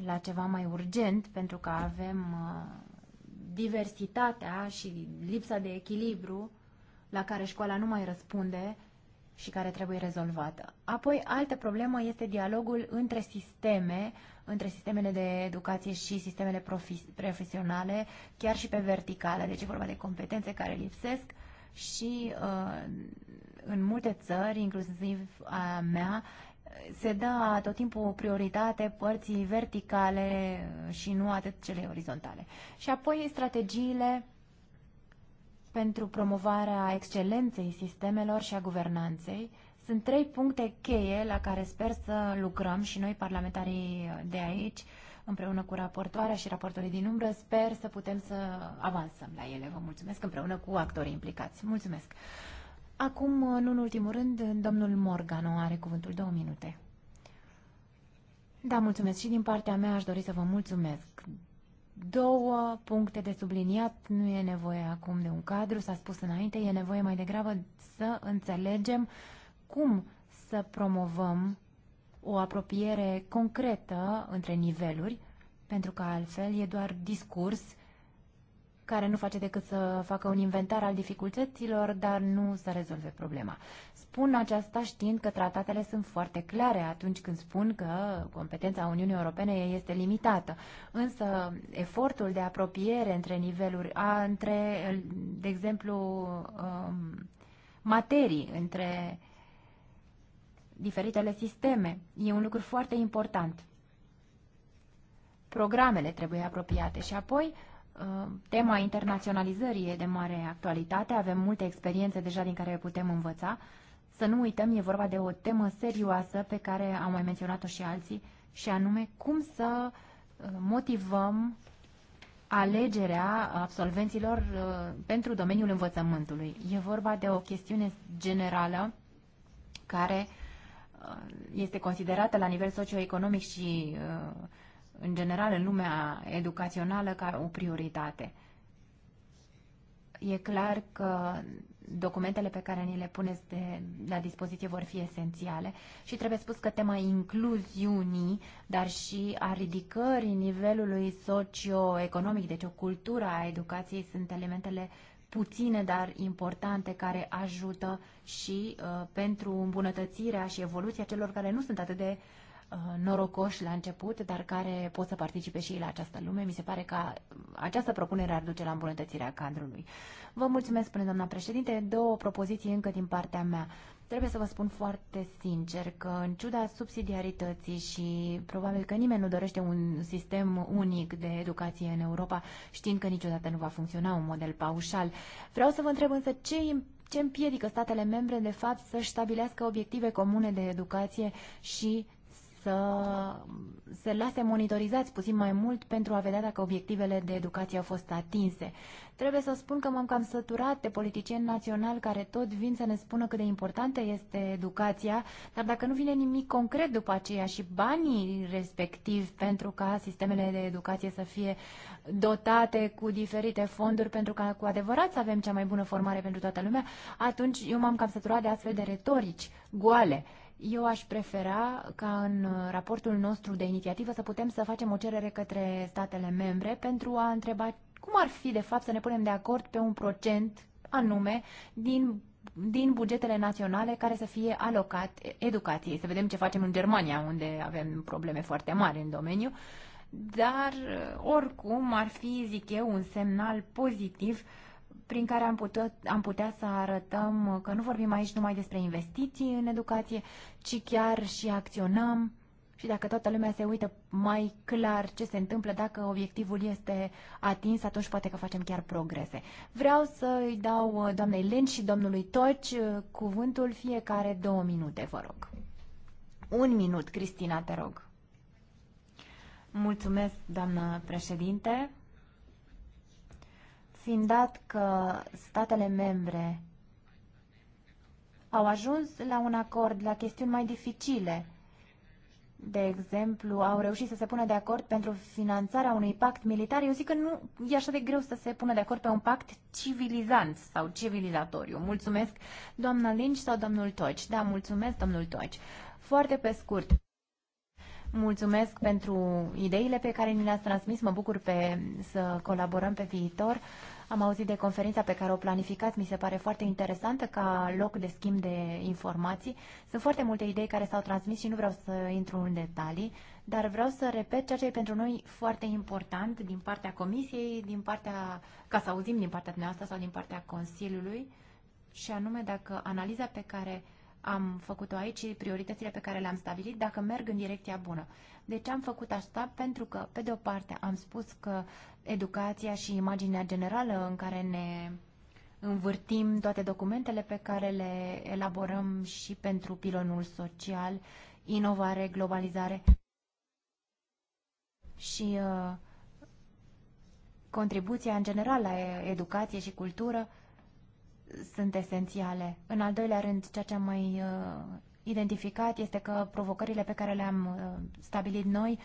la ceva mai urgent pentru că avem uh, diversitatea și lipsa de echilibru la care școala nu mai răspunde și care trebuie rezolvată. Apoi, altă problemă este dialogul între sisteme, între sistemele de educație și sistemele profesionale, chiar și pe verticală, deci e vorba de competențe care lipsesc și uh, în multe țări, inclusiv a mea, se dă tot timpul prioritate părții verticale și nu atât cele orizontale. Și apoi strategiile pentru promovarea excelenței sistemelor și a guvernanței. Sunt trei puncte cheie la care sper să lucrăm și noi, parlamentarii de aici, împreună cu raportoarea și raportorii din umbră, sper să putem să avansăm la ele. Vă mulțumesc împreună cu actorii implicați. Mulțumesc! Acum, nu în ultimul rând, domnul Morgano are cuvântul două minute. Da, mulțumesc și din partea mea aș dori să vă mulțumesc, două puncte de subliniat. Nu e nevoie acum de un cadru, s-a spus înainte, e nevoie mai degrabă să înțelegem cum să promovăm o apropiere concretă între niveluri, pentru că altfel e doar discurs care nu face decât să facă un inventar al dificultăților, dar nu să rezolve problema. Spun aceasta știind că tratatele sunt foarte clare atunci când spun că competența Uniunii Europene este limitată. Însă efortul de apropiere între niveluri, a, între, de exemplu, um, materii, între diferitele sisteme, e un lucru foarte important. Programele trebuie apropiate și apoi Uh, tema internaționalizării e de mare actualitate, avem multe experiențe deja din care putem învăța. Să nu uităm, e vorba de o temă serioasă pe care am mai menționat-o și alții, și anume cum să uh, motivăm alegerea absolvenților uh, pentru domeniul învățământului. E vorba de o chestiune generală care este considerată la nivel socioeconomic și uh, în general în lumea educațională ca o prioritate. E clar că documentele pe care ni le puneți de, la dispoziție vor fi esențiale și trebuie spus că tema incluziunii, dar și a ridicării nivelului socioeconomic, deci o cultură a educației sunt elementele puține, dar importante, care ajută și uh, pentru îmbunătățirea și evoluția celor care nu sunt atât de uh, Uh, norocoși la început, dar care pot să participe și ei la această lume. Mi se pare că această propunere ar duce la îmbunătățirea cadrului. Vă mulțumesc, spune doamna președinte. Două propoziții încă din partea mea. Trebuie să vă spun foarte sincer că, în ciuda subsidiarității și probabil că nimeni nu dorește un sistem unic de educație în Europa, știind că niciodată nu va funcționa un model paușal, vreau să vă întreb însă ce ce împiedică statele membre, de fapt, să-și stabilească obiective comune de educație și să se lase monitorizați puțin mai mult pentru a vedea dacă obiectivele de educație au fost atinse. Trebuie să spun că m-am cam săturat de politicieni naționali care tot vin să ne spună cât de importantă este educația, dar dacă nu vine nimic concret după aceea și banii respectiv pentru ca sistemele de educație să fie dotate cu diferite fonduri pentru ca cu adevărat să avem cea mai bună formare pentru toată lumea, atunci eu m-am cam săturat de astfel de retorici goale. Eu aș prefera ca în raportul nostru de inițiativă să putem să facem o cerere către statele membre pentru a întreba cum ar fi de fapt să ne punem de acord pe un procent anume din din bugetele naționale care să fie alocat educației. Să vedem ce facem în Germania, unde avem probleme foarte mari în domeniu. Dar, oricum, ar fi, zic eu, un semnal pozitiv uh, prin care am putea, am putea să arătăm că nu vorbim aici numai despre investiții în educație, ci chiar și acționăm și dacă toată lumea se uită mai clar ce se întâmplă, dacă obiectivul este atins, atunci poate că facem chiar progrese. Vreau să îi dau uh, doamnei Lynch și domnului Toci uh, cuvântul fiecare două minute, vă rog. Un minut, Cristina, te rog. Mulțumesc, doamnă președinte. Fiind dat că statele membre au ajuns la un acord la chestiuni mai dificile, de exemplu, au reușit să se pună de acord pentru finanțarea unui pact militar, eu zic că nu e așa de greu să se pună de acord pe un pact civilizant sau civilizatoriu. Mulțumesc, doamna Lynch sau domnul Toci. Da, mulțumesc, domnul Toci. Foarte pe scurt. Mulțumesc pentru ideile pe care ni le-ați transmis. Mă bucur pe, să colaborăm pe viitor. Am auzit de conferința pe care o planificați, mi se pare foarte interesantă ca loc de schimb de informații. Sunt foarte multe idei care s-au transmis și nu vreau să intru în detalii, dar vreau să repet ceea ce e pentru noi foarte important din partea Comisiei, din partea, ca să auzim din partea dumneavoastră sau din partea Consiliului, și anume dacă analiza pe care am făcut-o aici și prioritățile pe care le-am stabilit, dacă merg în direcția bună. De ce am făcut asta? Pentru că, pe de o parte, am spus că educația și imaginea generală în care ne învârtim toate documentele pe care le elaborăm și pentru pilonul social, inovare, globalizare și uh, contribuția în general la educație și cultură sunt esențiale. În al doilea rând, ceea ce am mai uh, identificat este că provocările pe care le-am uh, stabilit noi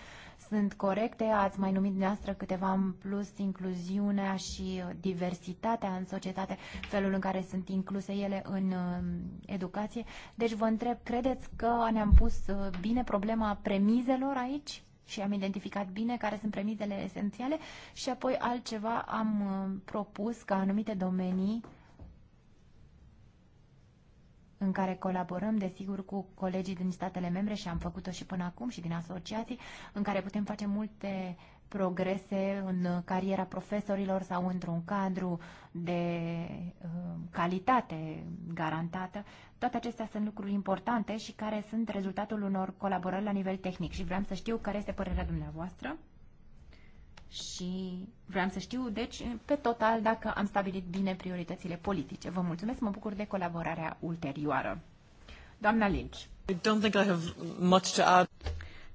sunt corecte. Ați mai numit dumneavoastră câteva în plus, incluziunea și uh, diversitatea în societate, felul în care sunt incluse ele în uh, educație. Deci vă întreb, credeți că ne-am pus bine problema premizelor aici? și am identificat bine care sunt premizele esențiale și apoi altceva am propus ca anumite domenii în care colaborăm, desigur, cu colegii din statele membre și am făcut-o și până acum și din asociații, în care putem face multe progrese în cariera profesorilor sau într-un cadru de uh, calitate garantată. Toate acestea sunt lucruri importante și care sunt rezultatul unor colaborări la nivel tehnic și vreau să știu care este părerea dumneavoastră și vreau să știu, deci, pe total, dacă am stabilit bine prioritățile politice. Vă mulțumesc, mă bucur de colaborarea ulterioară. Doamna Lynch. I don't think I have much to add.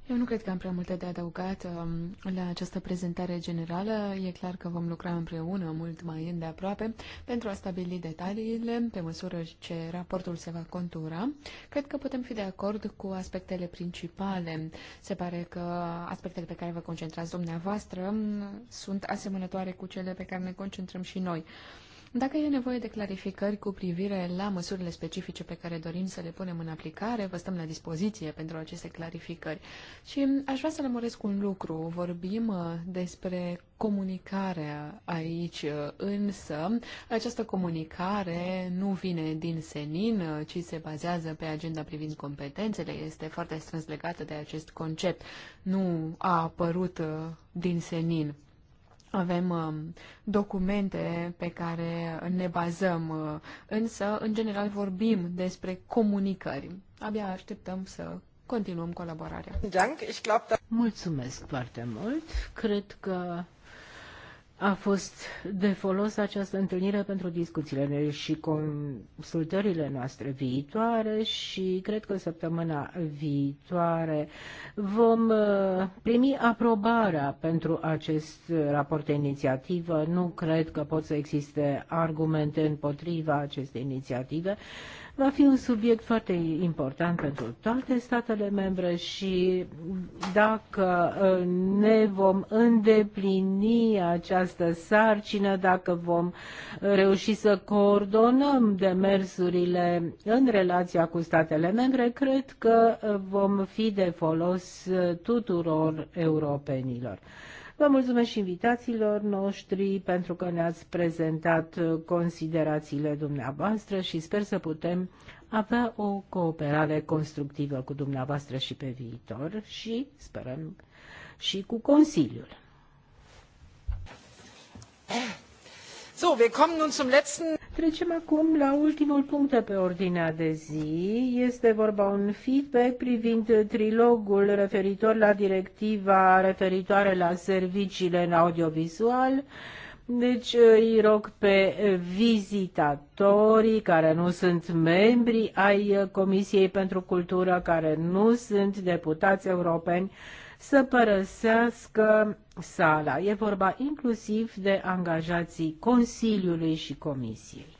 Eu nu cred că am prea multe de adăugat um, la această prezentare generală. E clar că vom lucra împreună mult mai îndeaproape pentru a stabili detaliile pe măsură ce raportul se va contura. Cred că putem fi de acord cu aspectele principale. Se pare că aspectele pe care vă concentrați dumneavoastră um, sunt asemănătoare cu cele pe care ne concentrăm și noi. Uh, dacă e nevoie de clarificări cu privire la măsurile specifice pe care dorim să le punem în aplicare, vă stăm la dispoziție pentru aceste clarificări. Și aș vrea să lămuresc un lucru. Vorbim uh, despre comunicare aici, uh, însă această comunicare nu vine din senin, uh, ci se bazează pe agenda privind competențele, este foarte strâns legată de acest concept. Nu a apărut din senin avem um, documente pe care ne bazăm, uh, însă, în general, vorbim despre comunicări. Abia așteptăm să continuăm colaborarea. Da- Mulțumesc foarte mult. Cred că a fost de folos această întâlnire pentru discuțiile și consultările noastre viitoare și cred că săptămâna viitoare vom uh, primi aprobarea pentru acest raport de inițiativă. Nu cred că pot să existe argumente împotriva acestei inițiative va fi un subiect foarte important pentru toate statele membre și dacă ă, ne vom îndeplini această sarcină, dacă vom reuși să coordonăm demersurile în relația cu statele membre, cred că ă, vom fi de folos ă, tuturor europenilor. Vă mulțumesc și invitațiilor noștri pentru că ne-ați prezentat considerațiile dumneavoastră și sper să putem avea o cooperare constructivă cu dumneavoastră și pe viitor și sperăm și cu Consiliul. So, wir kommen nun zum letzten Trecem acum la ultimul punct de pe ordinea de zi. Este vorba un feedback privind trilogul referitor la directiva referitoare la serviciile în audiovizual. Deci îi rog pe vizitatorii care nu sunt membri ai Comisiei pentru Cultură, care nu sunt deputați europeni, să părăsească sala. E vorba inclusiv de angajații Consiliului și Comisiei.